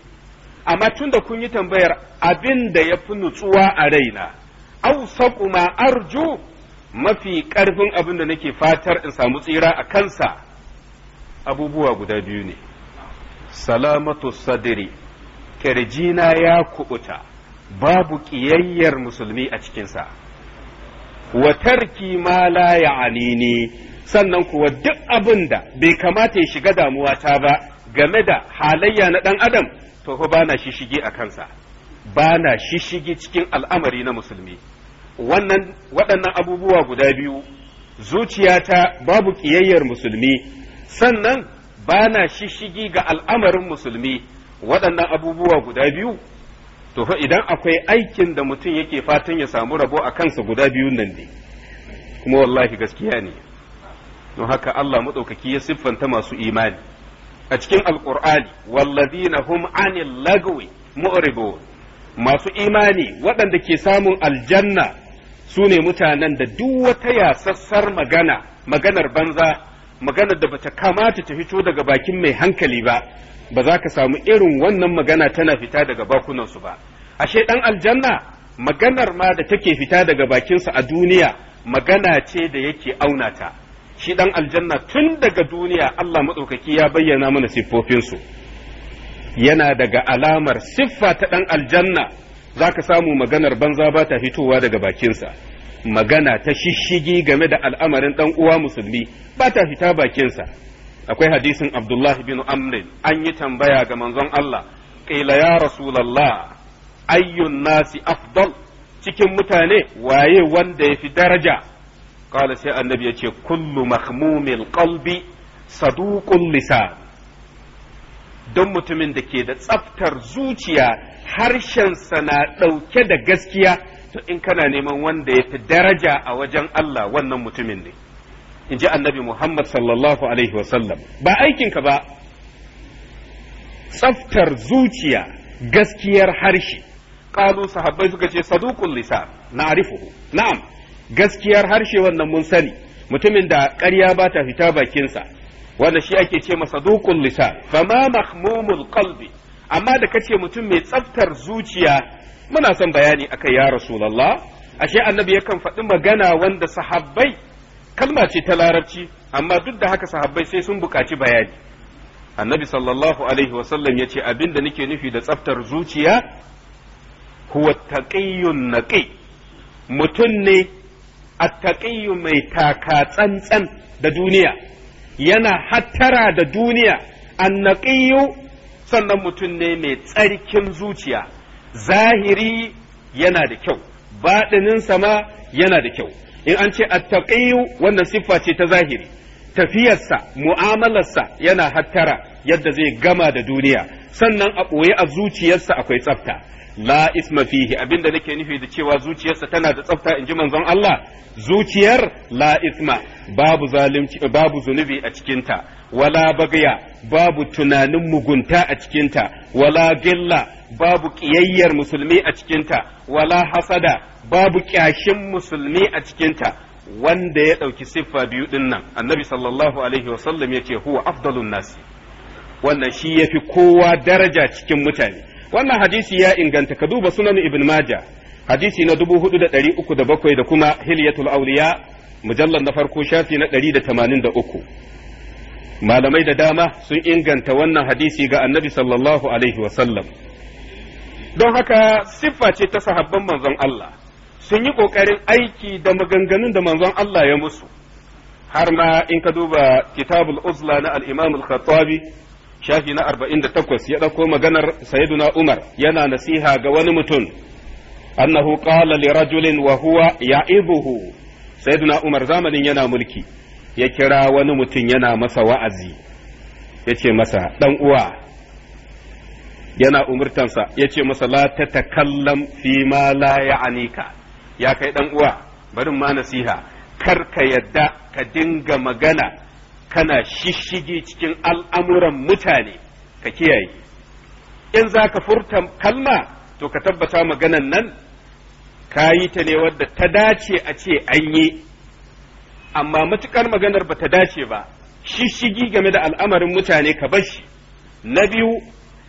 amma tunda kun yi tambayar abin da ya fi nutsuwa a raina au ma arju mafi ƙarfin abin da nake fatar in samu tsira a kansa abubuwa guda biyu ne salamatu sadiri kirjina ya kubuta babu ƙiyayyar musulmi a cikinsa wa tarki ma la ya'anini sannan kuwa duk abin bai kamata ya shiga damuwa ta ba game da halayya na ɗan adam to fa bana shishigi a kansa bana shishigi cikin al'amari na musulmi wannan waɗannan abubuwa guda biyu zuciyata babu ƙiyayyar musulmi sannan bana shishigi ga al'amarin musulmi waɗannan abubuwa guda biyu to fa idan akwai aikin da mutum yake fatan ya samu rabo a kansa guda biyun nan ne kuma wallahi gaskiya ne don haka Allah maɗaukaki ya siffanta masu imani a cikin alƙur'ani wallazina hum anil lagwi mu'ribun masu imani waɗanda ke samun aljanna su ne mutanen da duk wata yasassar magana maganar banza maganar da bata kamata ta fito daga bakin mai hankali ba ba za ka samu irin wannan magana tana fita daga bakunansu ba ashe dan aljanna maganar ma da take fita daga bakinsa a duniya magana ce da yake auna ta shi dan aljanna tun daga duniya Allah maɗaukaki ya bayyana mana siffofinsu yana daga alamar siffa ta dan aljanna za ka samu maganar banza ba ta fitowa daga bakinsa magana ta shishigi game da al'amarin dan uwa musulmi ba ta fita bakinsa akwai hadisin abdullahi bin amrin an yi tambaya ga manzon Allah ƙila ya rasulallah ayyun nasi afdal cikin mutane waye wanda yafi daraja qala sai annabi yace kullu mahmumil qalbi saduqul lisan don mutumin da ke da tsaftar zuciya harshensa na ɗauke da gaskiya to in kana neman wanda ya fi daraja a wajen Allah wannan mutumin ne in ji annabi Muhammad sallallahu Alaihi wasallam ba aikinka ba tsaftar zuciya gaskiyar harshe ƙalu sahabbai suka ce saduqul lisan na'rifuhu na'am gaskiyar harshe wannan mun sani mutumin da ƙarya ba ta fita bakinsa wanda shi ake ce masa saduqul lisan fama mahmumul qalbi amma da kace mutum mai tsaftar zuciya muna son bayani akai ya rasulullah ashe annabi yakan faɗi magana wanda sahabbai kalma ce ta larabci amma duk da haka sahabbai sai sun buƙaci bayani annabi sallallahu alaihi wasallam ya ce abin nake nufi da tsaftar zuciya huwa taqiyyun naqi mutum ne taƙiyu mai taka tsantsan da duniya yana hattara da duniya naƙiyu sannan mutum ne mai tsarkin zuciya zahiri yana da kyau baɗininsa ma yana da kyau in an ce attaqiyu wannan siffa ce ta zahiri tafiyarsa mu'amalarsa yana hattara yadda zai gama da duniya sannan a ɓoye a zuciyarsa akwai tsafta la isma fihi abinda nake nufi da cewa zuciyarsa tana da tsafta inji manzon Allah zuciyar la isma babu zalunci babu zunubi a cikinta wala bagya babu tunanin mugunta a cikinta wala gilla babu ƙiyayyar musulmi a cikinta wala hasada babu ƙyashin musulmi a cikinta wanda ya ɗauki siffa biyu din nan annabi sallallahu alaihi wasallam ya ce huwa afdalun nasi wannan shi yafi kowa daraja cikin mutane wannan hadisi ya inganta ka duba sunan ibn maja hadisi na dubu hudu da da bakwai kuma hilyatul auliya mujallar na farko shafi na uku. malamai da dama sun inganta wannan hadisi ga annabi sallallahu alaihi wasallam don haka siffa ce ta sahabban manzon Allah sun yi ƙoƙarin aiki da maganganun da manzon Allah ya musu har ma in ka duba kitabul uzla na al-imam al-khattabi shafi na arba'in takwas ya ɗauko maganar sayyiduna Umar yana nasiha ga wani mutum annahu qala li rajulin wa huwa ya'ibuhu sayyiduna Umar zamanin yana mulki ya kira wani mutum yana masa wa'azi yace masa dan uwa yana umurtansa yace masa la tatakallam fi ma la ya'anika ya kai dan uwa barin ma nasiha kar ka yadda ka dinga magana kana shishige cikin al'amuran mutane ka kiyaye in za ka furta kalma to ka tabbata maganan nan ka yi ta ne wadda ta dace a ce an yi amma matukar maganar ba ta dace ba shishigi game da al'amarin mutane ka bashi na biyu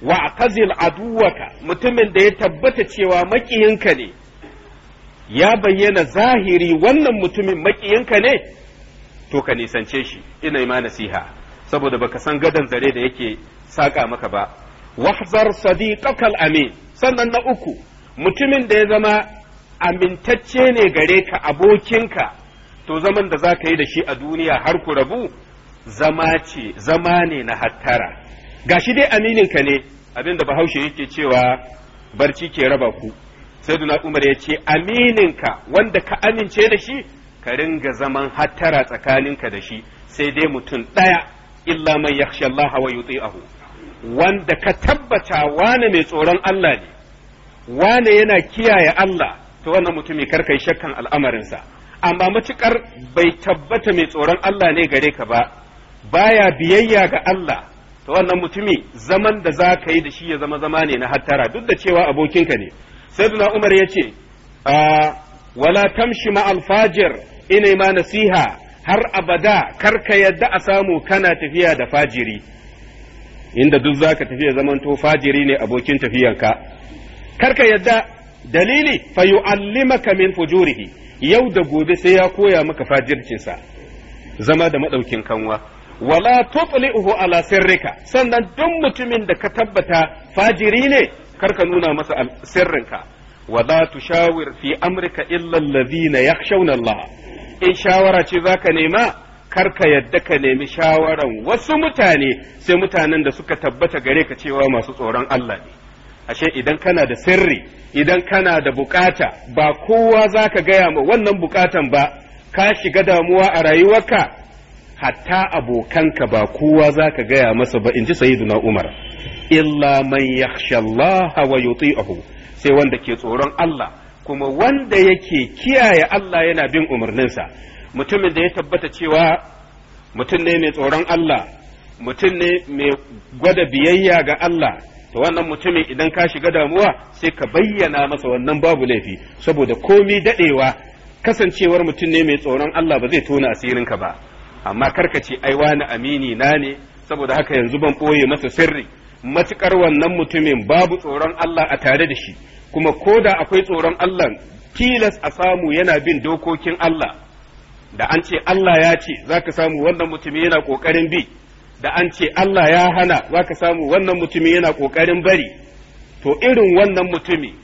wa kazil aduwaka mutumin da ya tabbata cewa makiyinka ne ya bayyana zahiri wannan mutumin makiyinka ne to ka nisance shi ina ma nasiha saboda baka san gadon zare da yake saka maka ba wahzar sadiqakal amin sannan na uku mutumin da ya zama amintacce ne gare ka abokinka to zaman da zaka yi da shi a duniya har ku rabu zama ce zama ne na hattara gashi dai amininka ne abinda bahaushe yake cewa barci ke raba ku sai umar ya ce ka wanda ka amince da shi ka ringa zaman hattara tsakaninka da shi sai dai mutum ɗaya illa man yakhsha Allah wa yuti'ahu wanda ka tabbata wane mai tsoron Allah ne wane yana kiyaye Allah to wannan mutumi kar yi shakkan al'amarinsa amma matukar bai tabbata mai tsoron Allah ne gare ka ba baya biyayya ga Allah to wannan mutumi zaman da za ka yi da shi ya zama zama ne na hattara duk da cewa abokinka ne sayyidina Umar ya ce ah, wala tamshi ma alfajir ina ma nasiha har abada karka yadda a samu kana tafiya da fajiri inda duk zaka tafiya zamanto fajiri ne abokin tafiyanka karka yadda dalili fa yu'allimaka min fujurihi yau da gobe sai ya koya maka fajircinsa zama da madaukin kanwa wala tutli'uhu ala sirrika sannan duk mutumin da ka tabbata fajiri ne karka nuna masa sirrinka wala tushawir fi amrika illa alladhina yakhshawna Allah in shawara ce za ka nema kar ka yadda ka nemi shawaran wasu mutane sai mutanen da suka tabbata gare ka cewa masu tsoron Allah ne ashe idan kana da sirri idan kana da bukata ba kowa za ka gaya ma wannan bukatan ba ka shiga damuwa a rayuwarka hatta abokanka ba kowa za ka gaya masa ba in ji sayyiduna umar illa man yakhsha Allah wa yuti'ahu sai wanda ke tsoron Allah kuma wanda yake kiyaye Allah yana bin umarninsa mutumin da ya tabbata cewa mutum ne mai tsoron Allah mutum ne mai gwada biyayya ga Allah to wannan mutumin idan ka shiga damuwa sai ka bayyana masa wannan babu laifi saboda komi dadewa kasancewar mutum ne mai tsoron Allah ba zai tona ka ba amma karka ce ai wani amini na ne saboda haka yanzu ban ɓoye masa sirri matukar wannan mutumin babu tsoron Allah a tare da shi kuma ko da akwai tsoron Allah tilas a samu yana bin dokokin Allah da an ce Allah ya ce za ka samu wannan mutumin yana ƙoƙarin bi da an ce Allah ya hana za ka samu wannan mutumin yana ƙoƙarin bari to irin wannan mutumi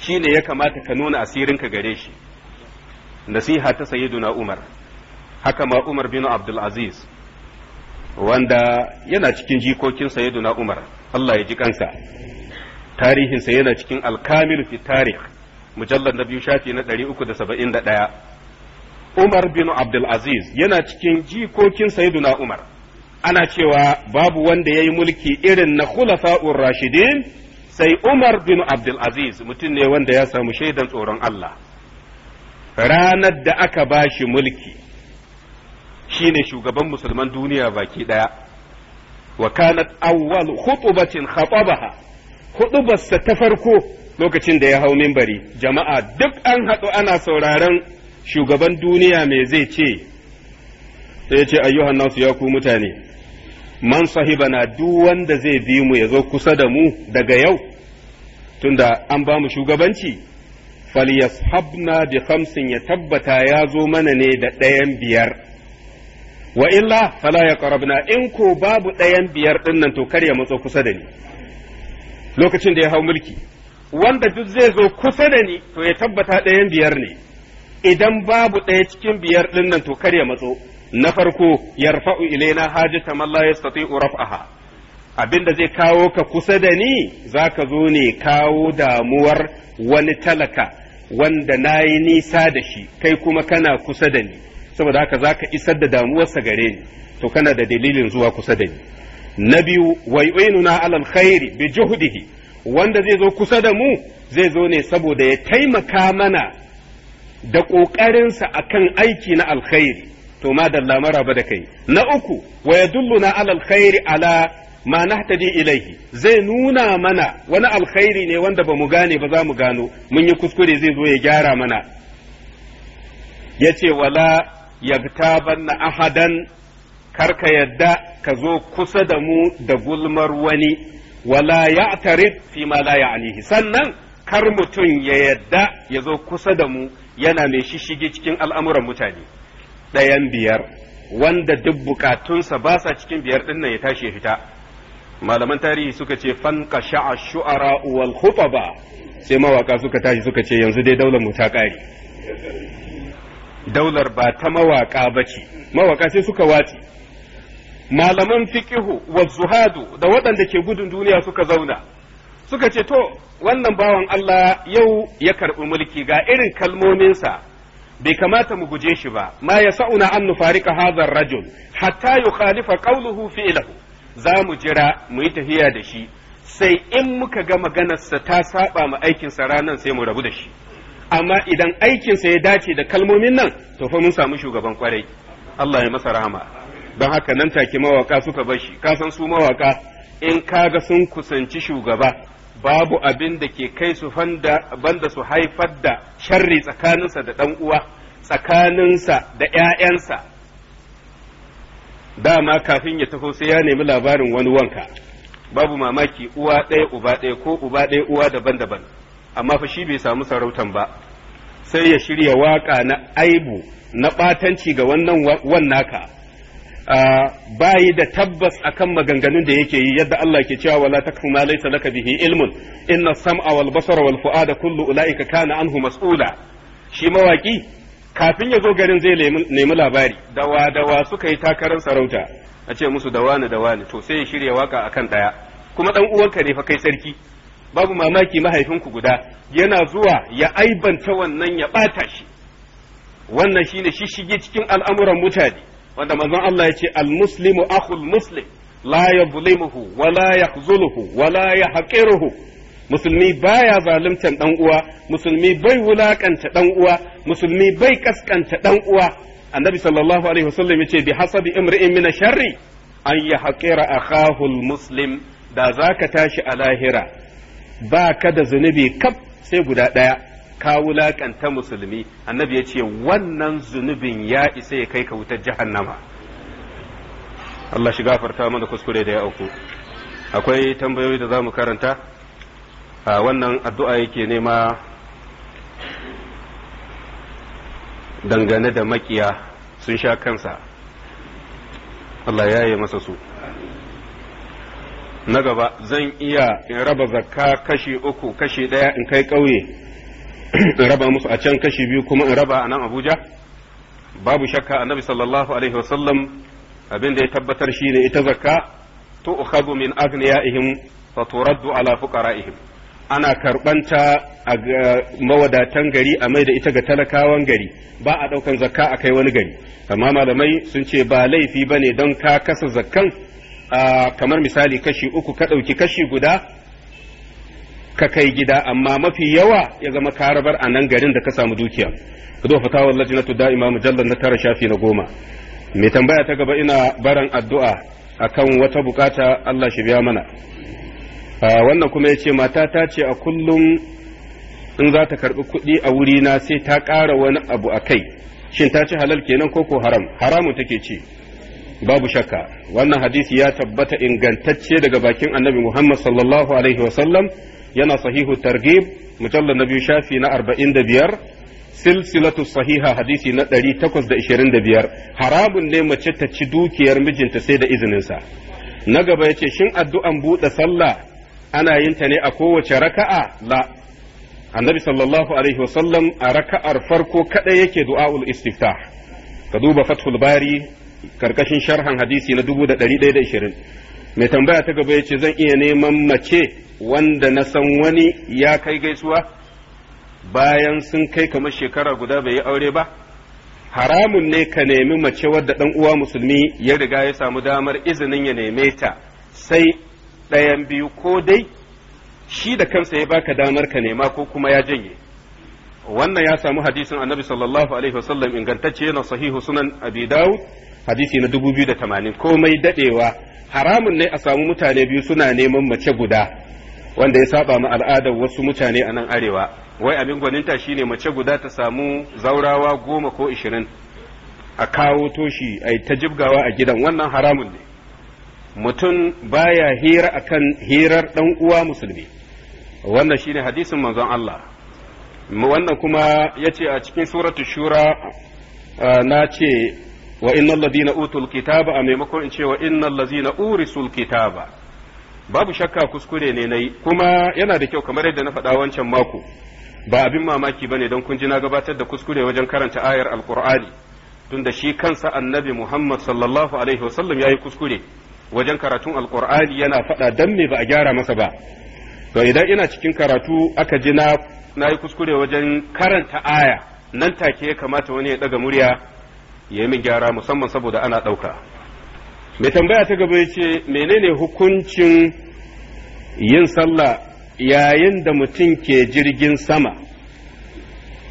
shi ne ya kamata ka nuna asirinka gare shi nasiha ta sayyiduna Umar haka ma Umar bin Abdul Aziz wanda yana cikin jikokin sayyiduna Umar Allah ya ji kansa tarihinsa yana cikin alkamil fi tarih mujallar na biyu shafi na 371 Umar bin Abdul Aziz yana cikin jikokin Sayyiduna Umar ana cewa babu wanda ya yi mulki irin na khulafa'ur rashidin sai Umar bin Abdul mutum ne wanda ya samu shaidan tsoron Allah ranar da aka ba shi mulki shine shugaban musulman duniya baki daya wa kanat awwal khutbatin khatabaha hudubarsa ta farko lokacin da ya hau mimbari jama'a duk an haɗu ana sauraron shugaban duniya mai zai ce sai ce ayyuhan nasu ya ku mutane man sahibana duk wanda zai bi mu ya zo kusa da mu daga yau tunda an ba mu shugabanci falyashabna bi khamsin ya tabbata ya zo mana ne da ɗayan biyar wa illa fala ya in ko babu ɗayan biyar ɗinnan to kar ya matso kusa da ni lokacin da ya hau mulki wanda duk zai zo kusa da ni to ya tabbata ɗayan biyar ne idan babu ɗaya cikin biyar ɗin nan to kar ya matso na farko yarfa'u ilaina hajata man la yastati'u raf'aha abinda zai kawo ka kusa da ni zaka zo ne kawo damuwar wani talaka wanda nayi nisa da shi kai kuma kana kusa da ni saboda haka zaka isar da damuwarsa gare ni to kana da dalilin zuwa kusa da ni na biyu wa yu'inuna alal khairi bi juhdihi wanda zai zo kusa da mu zai zo ne saboda ya taimaka mana da ƙoƙarinsa akan aiki na alkhairi to ma da lamara ba da kai na uku wa yadulluna alal khairi ala ma nahtadi ilaihi zai nuna mana wani alkhairi ne wanda ba mu gane ba za mu gano mun yi kuskure zai zo ya gyara mana yace wala na ahadan kar ka yadda ka zo kusa da mu da gulmar wani wala ya fi ma la ya'nihi sannan kar mutum ya yadda ya zo kusa da mu yana mai shishigi cikin al'amuran mutane ɗayan biyar wanda duk bukatunsa ba sa cikin biyar ɗin nan ya tashi ya fita malaman tarihi suka ce fanka sha'a shu'ara wal khutaba sai mawaka suka tashi suka ce yanzu dai daular mu ta ƙare daular ba ta mawaka bace ce mawaka sai suka wace malaman fiqihu wa zuhadu da waɗanda ke gudun duniya suka zauna suka ce to wannan bawan Allah yau ya karɓi mulki ga irin kalmominsa bai kamata mu guje shi ba ma ya sa'una an nufarika hadhar rajul hatta khalifa qawluhu fi'luhu za mu jira mu yi tafiya da shi sai in muka ga maganarsa ta saba ma aikinsa ranan sai mu rabu da shi amma idan aikinsa ya dace da kalmomin nan to fa mun samu shugaban kwarai Allah ya masa rahama don haka nan take mawaka suka bar shi ka san su mawaka in ka ga sun kusanci shugaba babu abin da ke kai su fanda banda su haifar da sharri tsakaninsa da ɗan uwa tsakaninsa da ‘ya'yansa dama kafin ya taho sai ya nemi labarin wani wanka babu mamaki uwa ɗaya uba ɗaya ko uba ɗaya uwa daban-daban amma fa shi bai samu sarautan ba sai ya shirya waƙa na aibu na ɓatanci ga wannan wannaka bayi da tabbas akan maganganun da yake yi yadda Allah ke cewa wala takfu ma laysa laka bihi ilmun inna sam'a wal basara wal fu'ada kullu ulaika kana anhu mas'ula shi mawaki kafin ya zo garin zai nemi labari dawa dawa suka yi takarar sarauta a ce musu da wani da wani to sai ya shirya waka akan daya kuma dan uwanka ne fa kai sarki babu mamaki mahaifinku guda yana zuwa ya aibanta wannan ya bata shi wannan shine shishige cikin al'amuran mutane wanda manzon Allah ya ce al-muslimu akhul muslim la yuzlimuhu wa la yakhzuluhu wa la yahqiruhu musulmi baya zaluntar dan uwa musulmi bai wulakanta dan uwa musulmi bai kaskanta dan uwa annabi sallallahu alaihi wasallam yace bi hasabi imri'in min sharri an yahqira akahu muslim da zaka tashi a lahira ba ka da zunubi kaf sai guda daya ka wulakanta musulmi annabi ya ce wannan zunubin ya isa ya kai ka wutar jahannama Allah shi gafarta mana kuskure da ya auku akwai tambayoyi da za mu karanta a wannan addu'a yake nema dangane da makiya sun sha kansa Allah ya yi masa su na gaba zan iya in raba zakka kashi uku kashi ɗaya in kai ƙauye in raba musu a can kashi biyu kuma in raba a nan abuja babu shakka annabi sallallahu alaihi wasallam abin da ya tabbatar shi ne ita zakka tu'khadhu min aghniyaihim fa turaddu ala fuqara'ihim ana karbanta a mawadatan gari a mai da ita ga talakawan gari ba a daukan zakka a kai wani gari amma malamai sun ce ba laifi bane don ka kasa zakkan kamar misali kashi uku ka ɗauki kashi guda ka kai gida amma mafi yawa ya zama karabar a nan garin da ka samu dukiya ka zo lajina tu da'ima mujallar na tara shafi na goma mai tambaya ta gaba ina baran addu'a akan wata bukata Allah shi biya mana wannan kuma ya ce mata ta ce a kullum in za ta karbi kuɗi a wuri na sai ta ƙara wani abu a kai shin ta ce halal kenan ko ko haram haramu take ce babu shakka wannan hadisi ya tabbata ingantacce daga bakin annabi Muhammad sallallahu alaihi wasallam yana sahihu targib mujallar na biyu shafi na biyar silsilatu sahiha hadisi na ɗari biyar haramun ne mace ta ci dukiyar mijinta sai da izininsa na gaba yace shin addu'an buɗe sallah ana yin ta ne a kowace raka'a la annabi sallallahu alaihi wasallam a raka'ar farko kaɗai yake du'aul istiftah ka duba fathul bari karkashin sharhan hadisi na ishirin. mai tambaya ta gaba ya ce zan iya neman mace wanda na san wani ya kai gaisuwa bayan sun kai kamar shekara guda bai yi aure ba haramun ne ka nemi mace wadda dan uwa musulmi ya riga ya samu damar izinin ya neme ta sai ɗayan biyu ko dai shi da kansa ya baka damar ka nema ko kuma ya janye wannan ya samu hadisin annabi sallallahu alaihi wasallam ingantacce na sahihu sunan abi dawud hadisi na 2080 komai dadewa haramun ne a samu mutane biyu suna neman mace guda wanda ya saba ma al'adar wasu mutane a nan arewa wai abin gwaninta shine mace guda ta samu zaurawa goma ko ishirin a kawo toshi a ta jibgawa a gidan wannan haramun ne mutum baya hira akan hirar dan uwa musulmi wannan shine hadisin manzon Allah wannan kuma yace a cikin suratul shura eh, na ce wa inna alladhina utul kitaba a maimakon in ce wa inna alladhina urisul kitaba babu shakka kuskure ne nayi kuma yana da kyau kamar yadda na faɗa wancan mako ba abin mamaki bane don kun ji na gabatar da kuskure wajen karanta ayar alqur'ani tunda shi kansa annabi Muhammad sallallahu alaihi wasallam yayi kuskure wajen karatun alqur'ani yana faɗa dan me ba a gyara masa ba to idan ina cikin karatu aka ji na na yi kuskure wajen karanta aya nan take ya kamata wani ya daga murya ya yi min gyara musamman saboda ana ɗauka mai tambaya ta gaba ce menene hukuncin yin sallah yayin da mutum ke jirgin sama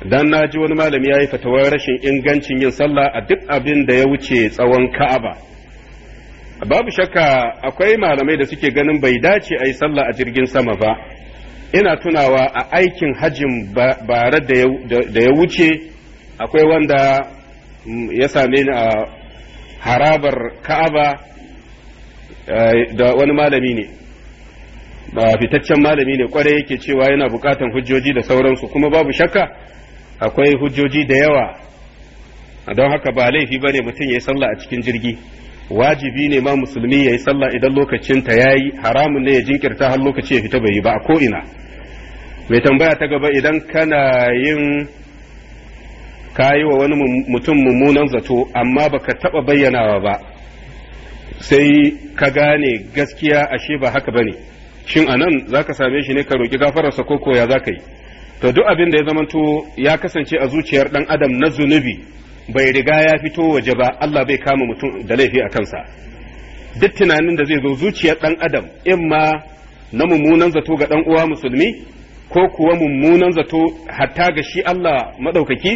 dan na ji wani malami ya yi fatawar rashin ingancin yin sallah a duk abin da ya wuce tsawon ka'aba babu shakka akwai malamai da suke ganin bai dace a yi sallah a jirgin sama ba ina tunawa a aikin hajjin barar da ya wuce akwai wanda ya same ni a harabar ka'aba eh, da wani malami ne ba fitaccen malami ne kwarai yake cewa yana bukatan hujjoji da sauransu kuma babu shakka akwai hujjoji da yawa don haka ba laifi ba ne mutum ya yi sallah a cikin jirgi wajibi ne ma musulmi ya yi sallah idan lokacin ta yayi haramun ne ya jinkirta har lokaci ya fita bai yi ba a ko'ina. mai tambaya ta gaba idan kana yin ka yi wa wani mutum mummunan zato amma baka taɓa bayyanawa ba sai ka gane gaskiya ashe ba haka ba ne. shin anan zaka same shi ne ka roki gafararsa ko koya zaka yi to duk abin da ya zamanto ya kasance a zuciyar dan adam na zunubi bai riga ya fito waje ba Allah bai kama mutum da laifi a kansa duk tunanin da zai zo zuciyar dan adam in ma na mummunan zato ga dan uwa musulmi ko kuwa mummunan zato hatta ga shi Allah maɗaukaki.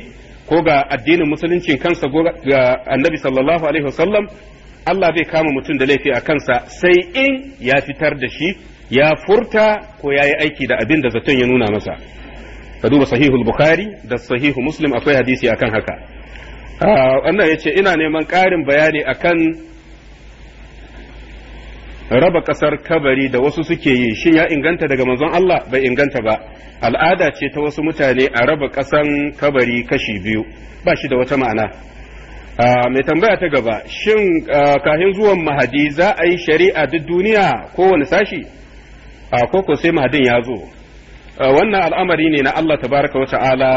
ko ga addinin musuluncin kansa ga annabi sallallahu alaihi wasallam Allah bai kama mutum da laifi a kansa sai in ya fitar da shi ya furta ko ya yi aiki da abin da zaton ya nuna masa ka duba sahihul bukhari da sahihu muslim akwai hadisi akan haka ah, wannan ya ce ina neman ƙarin bayani akan raba kasar kabari da wasu suke yi shin ya inganta daga manzon Allah bai inganta ba al'ada ce ta wasu mutane a raba kasan kabari kashi biyu ba shi da wata ma'ana ah, mai tambaya ta gaba shin ah, kahin zuwan mahadi za a yi shari'a duk duniya kowane sashi ah, ko ko sai mahadin ya zo wannan al'amari ne na Allah tabaraka wa ta'ala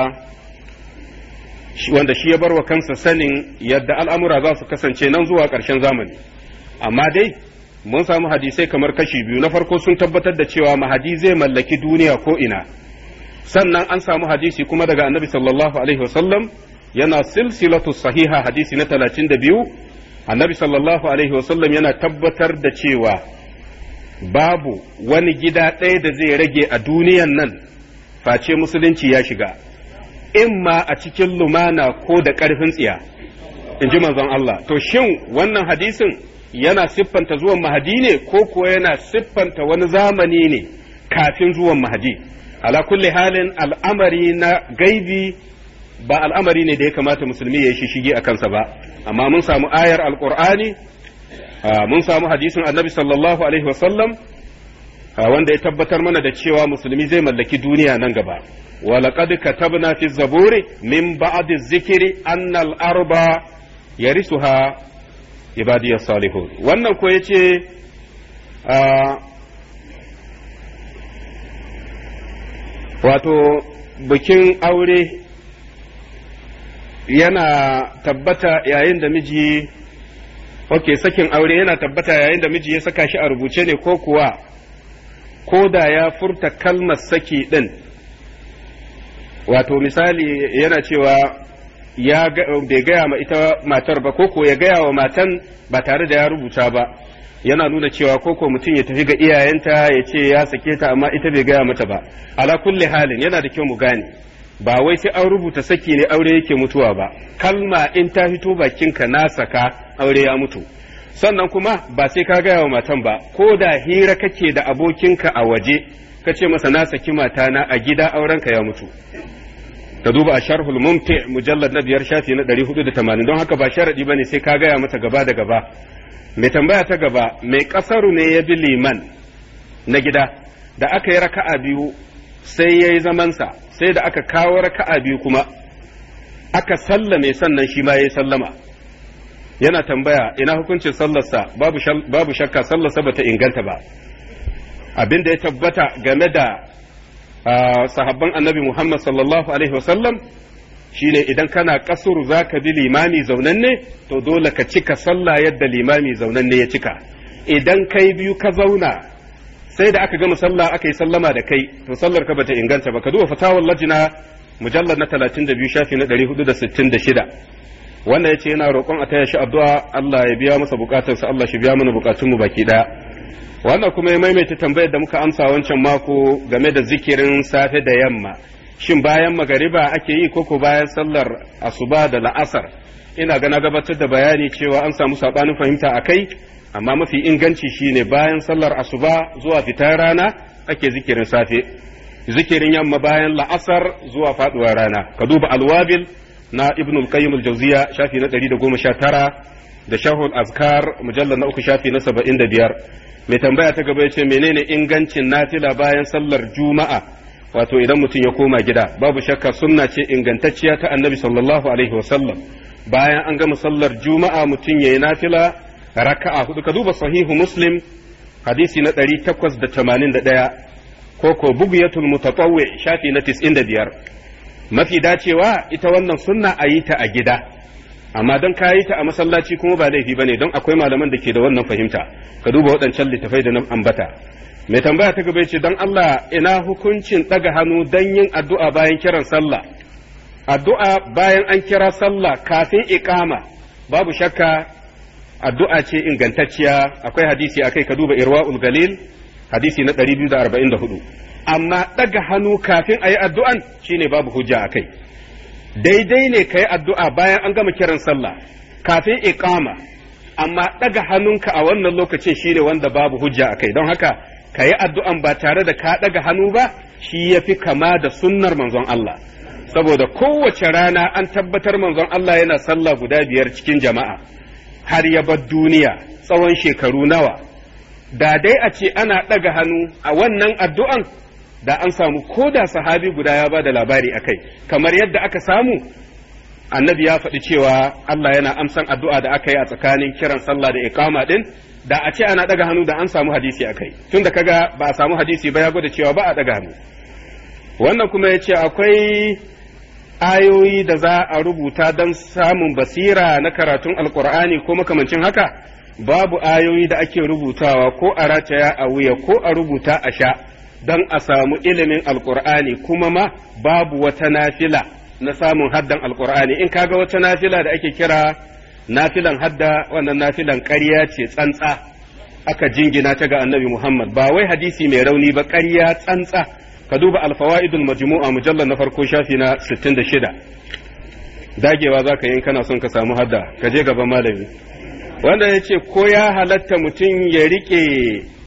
wanda shi ya bar wa kansa sanin yadda al'amura za su kasance nan zuwa ƙarshen zamani amma dai mun samu hadisai kamar kashi biyu na farko sun tabbatar da cewa mahadi zai mallaki duniya ko ina sannan an samu hadisi kuma daga annabi sallallahu alaihi wasallam yana silsilatu sahiha hadisi na 32 annabi sallallahu alaihi wasallam yana tabbatar da cewa babu wani gida ɗaya da zai rage a duniyan nan face musulunci ya shiga In ma a cikin lumana ko da ƙarfin tsiya in ji manzon Allah to shin wannan hadisin yana siffanta zuwan mahadi ne ko kuwa yana siffanta wani zamani ne kafin zuwan mahadi ala kulle halin al'amari na gaibi ba al'amari ne da ya kamata musulmi ya yi shishige a kansa ba amma mun samu ayar alkur'ani mun samu hadisin annabi sallallahu alaihi wasallam wanda ya tabbatar mana da cewa musulmi zai mallaki duniya nan gaba ولقد كتبنا في min zikiri بعد arba ya risu ha. ibadiyar Salihu wannan ko yace wato bikin aure yana tabbata yayin da miji ok sakin aure yana tabbata yayin da miji ya saka shi a rubuce ne ko kuwa ko da ya furta kalmar saki din wato misali yana cewa ya bai gaya ma ita matar ba koko ya gaya wa matan ba tare da ya rubuta ba yana nuna cewa koko mutum ya tafi ga iyayenta ya ce ya sake ta amma ita bai gaya mata ba ala kulli halin yana da kyau mu gane ba wai sai an rubuta saki ne aure yake mutuwa ba kalma in ta fito bakinka na saka aure ya mutu sannan kuma ba sai ka gaya wa matan ba ko da hira kake da abokinka a waje ka ce masa na saki matana a gida aurenka ya mutu ka duba a sharhul mumti mujallad na biyar shafi na 480 don haka ba sharadi bane sai ka gaya mata gaba da gaba mai tambaya ta gaba mai kasaru ne ya bi liman na gida da aka yi raka'a biyu sai ya yi zamansa sai da aka kawo raka'a biyu kuma aka sallame sannan shi ma ya yi sallama yana tambaya ina hukuncin sallarsa babu shakka sallarsa ta inganta ba abin da ya tabbata game da sahabban annabi Muhammad sallallahu alaihi wasallam shine idan kana kasuru za ka bi limami zaunanne to dole ka cika sallah yadda limami zaunanne ya cika idan kai biyu ka zauna sai da aka gama sallah aka yi sallama da kai to sallar ka bata inganta ba ka duba fatawar lajina mujallar na 32 shafi na 466 ya yace yana roƙon a taya shi addu'a Allah ya biya masa bukatarsa Allah shi biya mana bukatunmu baki daya wannan kuma ya maimaita tambayar da muka amsa wancan mako game da zikirin safe da yamma shin bayan magariba ake yi koko bayan sallar asuba da la'asar ina gana gabatar da bayani cewa an samu saɓanin fahimta a kai amma mafi inganci shine bayan sallar asuba zuwa fitar rana ake zikirin safe zikirin yamma bayan la'asar zuwa faduwar rana ka duba alwabil na ibn al-qayyim al shafi na 119 da shahul azkar mujallal na uku shafi na 75 mai tambaya ta gaba yace menene ingancin nafila bayan sallar juma'a wato idan mutum ya koma gida babu shakka sunna ce ingantacciya ta annabi sallallahu alaihi wasallam bayan an gama sallar juma'a mutum yayi nafila raka'a hudu ka duba sahihu muslim hadisi na 881 ko ko bugiyatul mutatawwi shafi na 95 mafi dacewa ita wannan sunna a ta a gida amma don ka yi ta a masallaci kuma ba laifi bane don akwai malaman da ke da wannan fahimta ka duba waɗancan littafai da na ambata mai tambaya ta gaba ce don Allah ina hukuncin ɗaga hannu don yin addu'a bayan kiran sallah addu'a bayan an kira sallah kafin iqama babu shakka addu'a ce ingantacciya akwai hadisi akai ka duba irwaul galil hadisi na 244 amma ɗaga hannu kafin a yi addu'an shine babu hujja akai daidai ne ka yi addu'a bayan an gama kiran sallah kafin iqama amma ɗaga hannunka a wannan lokacin shine wanda babu hujja a kai don haka ka yi addu'an ba tare da ka ɗaga hannu ba shi ya fi kama da sunnar manzon Allah saboda kowace rana an tabbatar manzon Allah yana sallah guda biyar cikin jama'a har ya bar duniya tsawon shekaru nawa da dai a ce ana ɗaga hannu a wannan addu'an da an samu ko da sahabi guda ya ba da labari a kai kamar yadda aka samu annabi ya faɗi cewa Allah yana amsan addu'a da aka yi a tsakanin kiran sallah da iqama ɗin da a ce ana daga hannu da an samu hadisi a kai tun da kaga ba a samu hadisi ba ya gwada cewa ba a daga hannu wannan kuma ya ce akwai ayoyi da za a rubuta don samun basira na karatun alkur'ani ko makamancin haka babu ayoyi da ake rubutawa ko a rataya a wuya ko a rubuta a sha don a samu ilimin alkur'ani kuma ma babu wata nafila na samun haddan alkur'ani in kaga wata nafila da ake kira nafilan hadda wannan nafilan ƙarya ce tsantsa aka jingina ta ga annabi muhammad ba wai hadisi mai rauni ba ƙarya tsantsa ka duba alfawaidul majmu'a mujallar na farko shafi na 66 dagewa za ka yi kana son ka samu hadda ka je gaban malami wanda ya ce ko ya halatta mutum ya riƙe.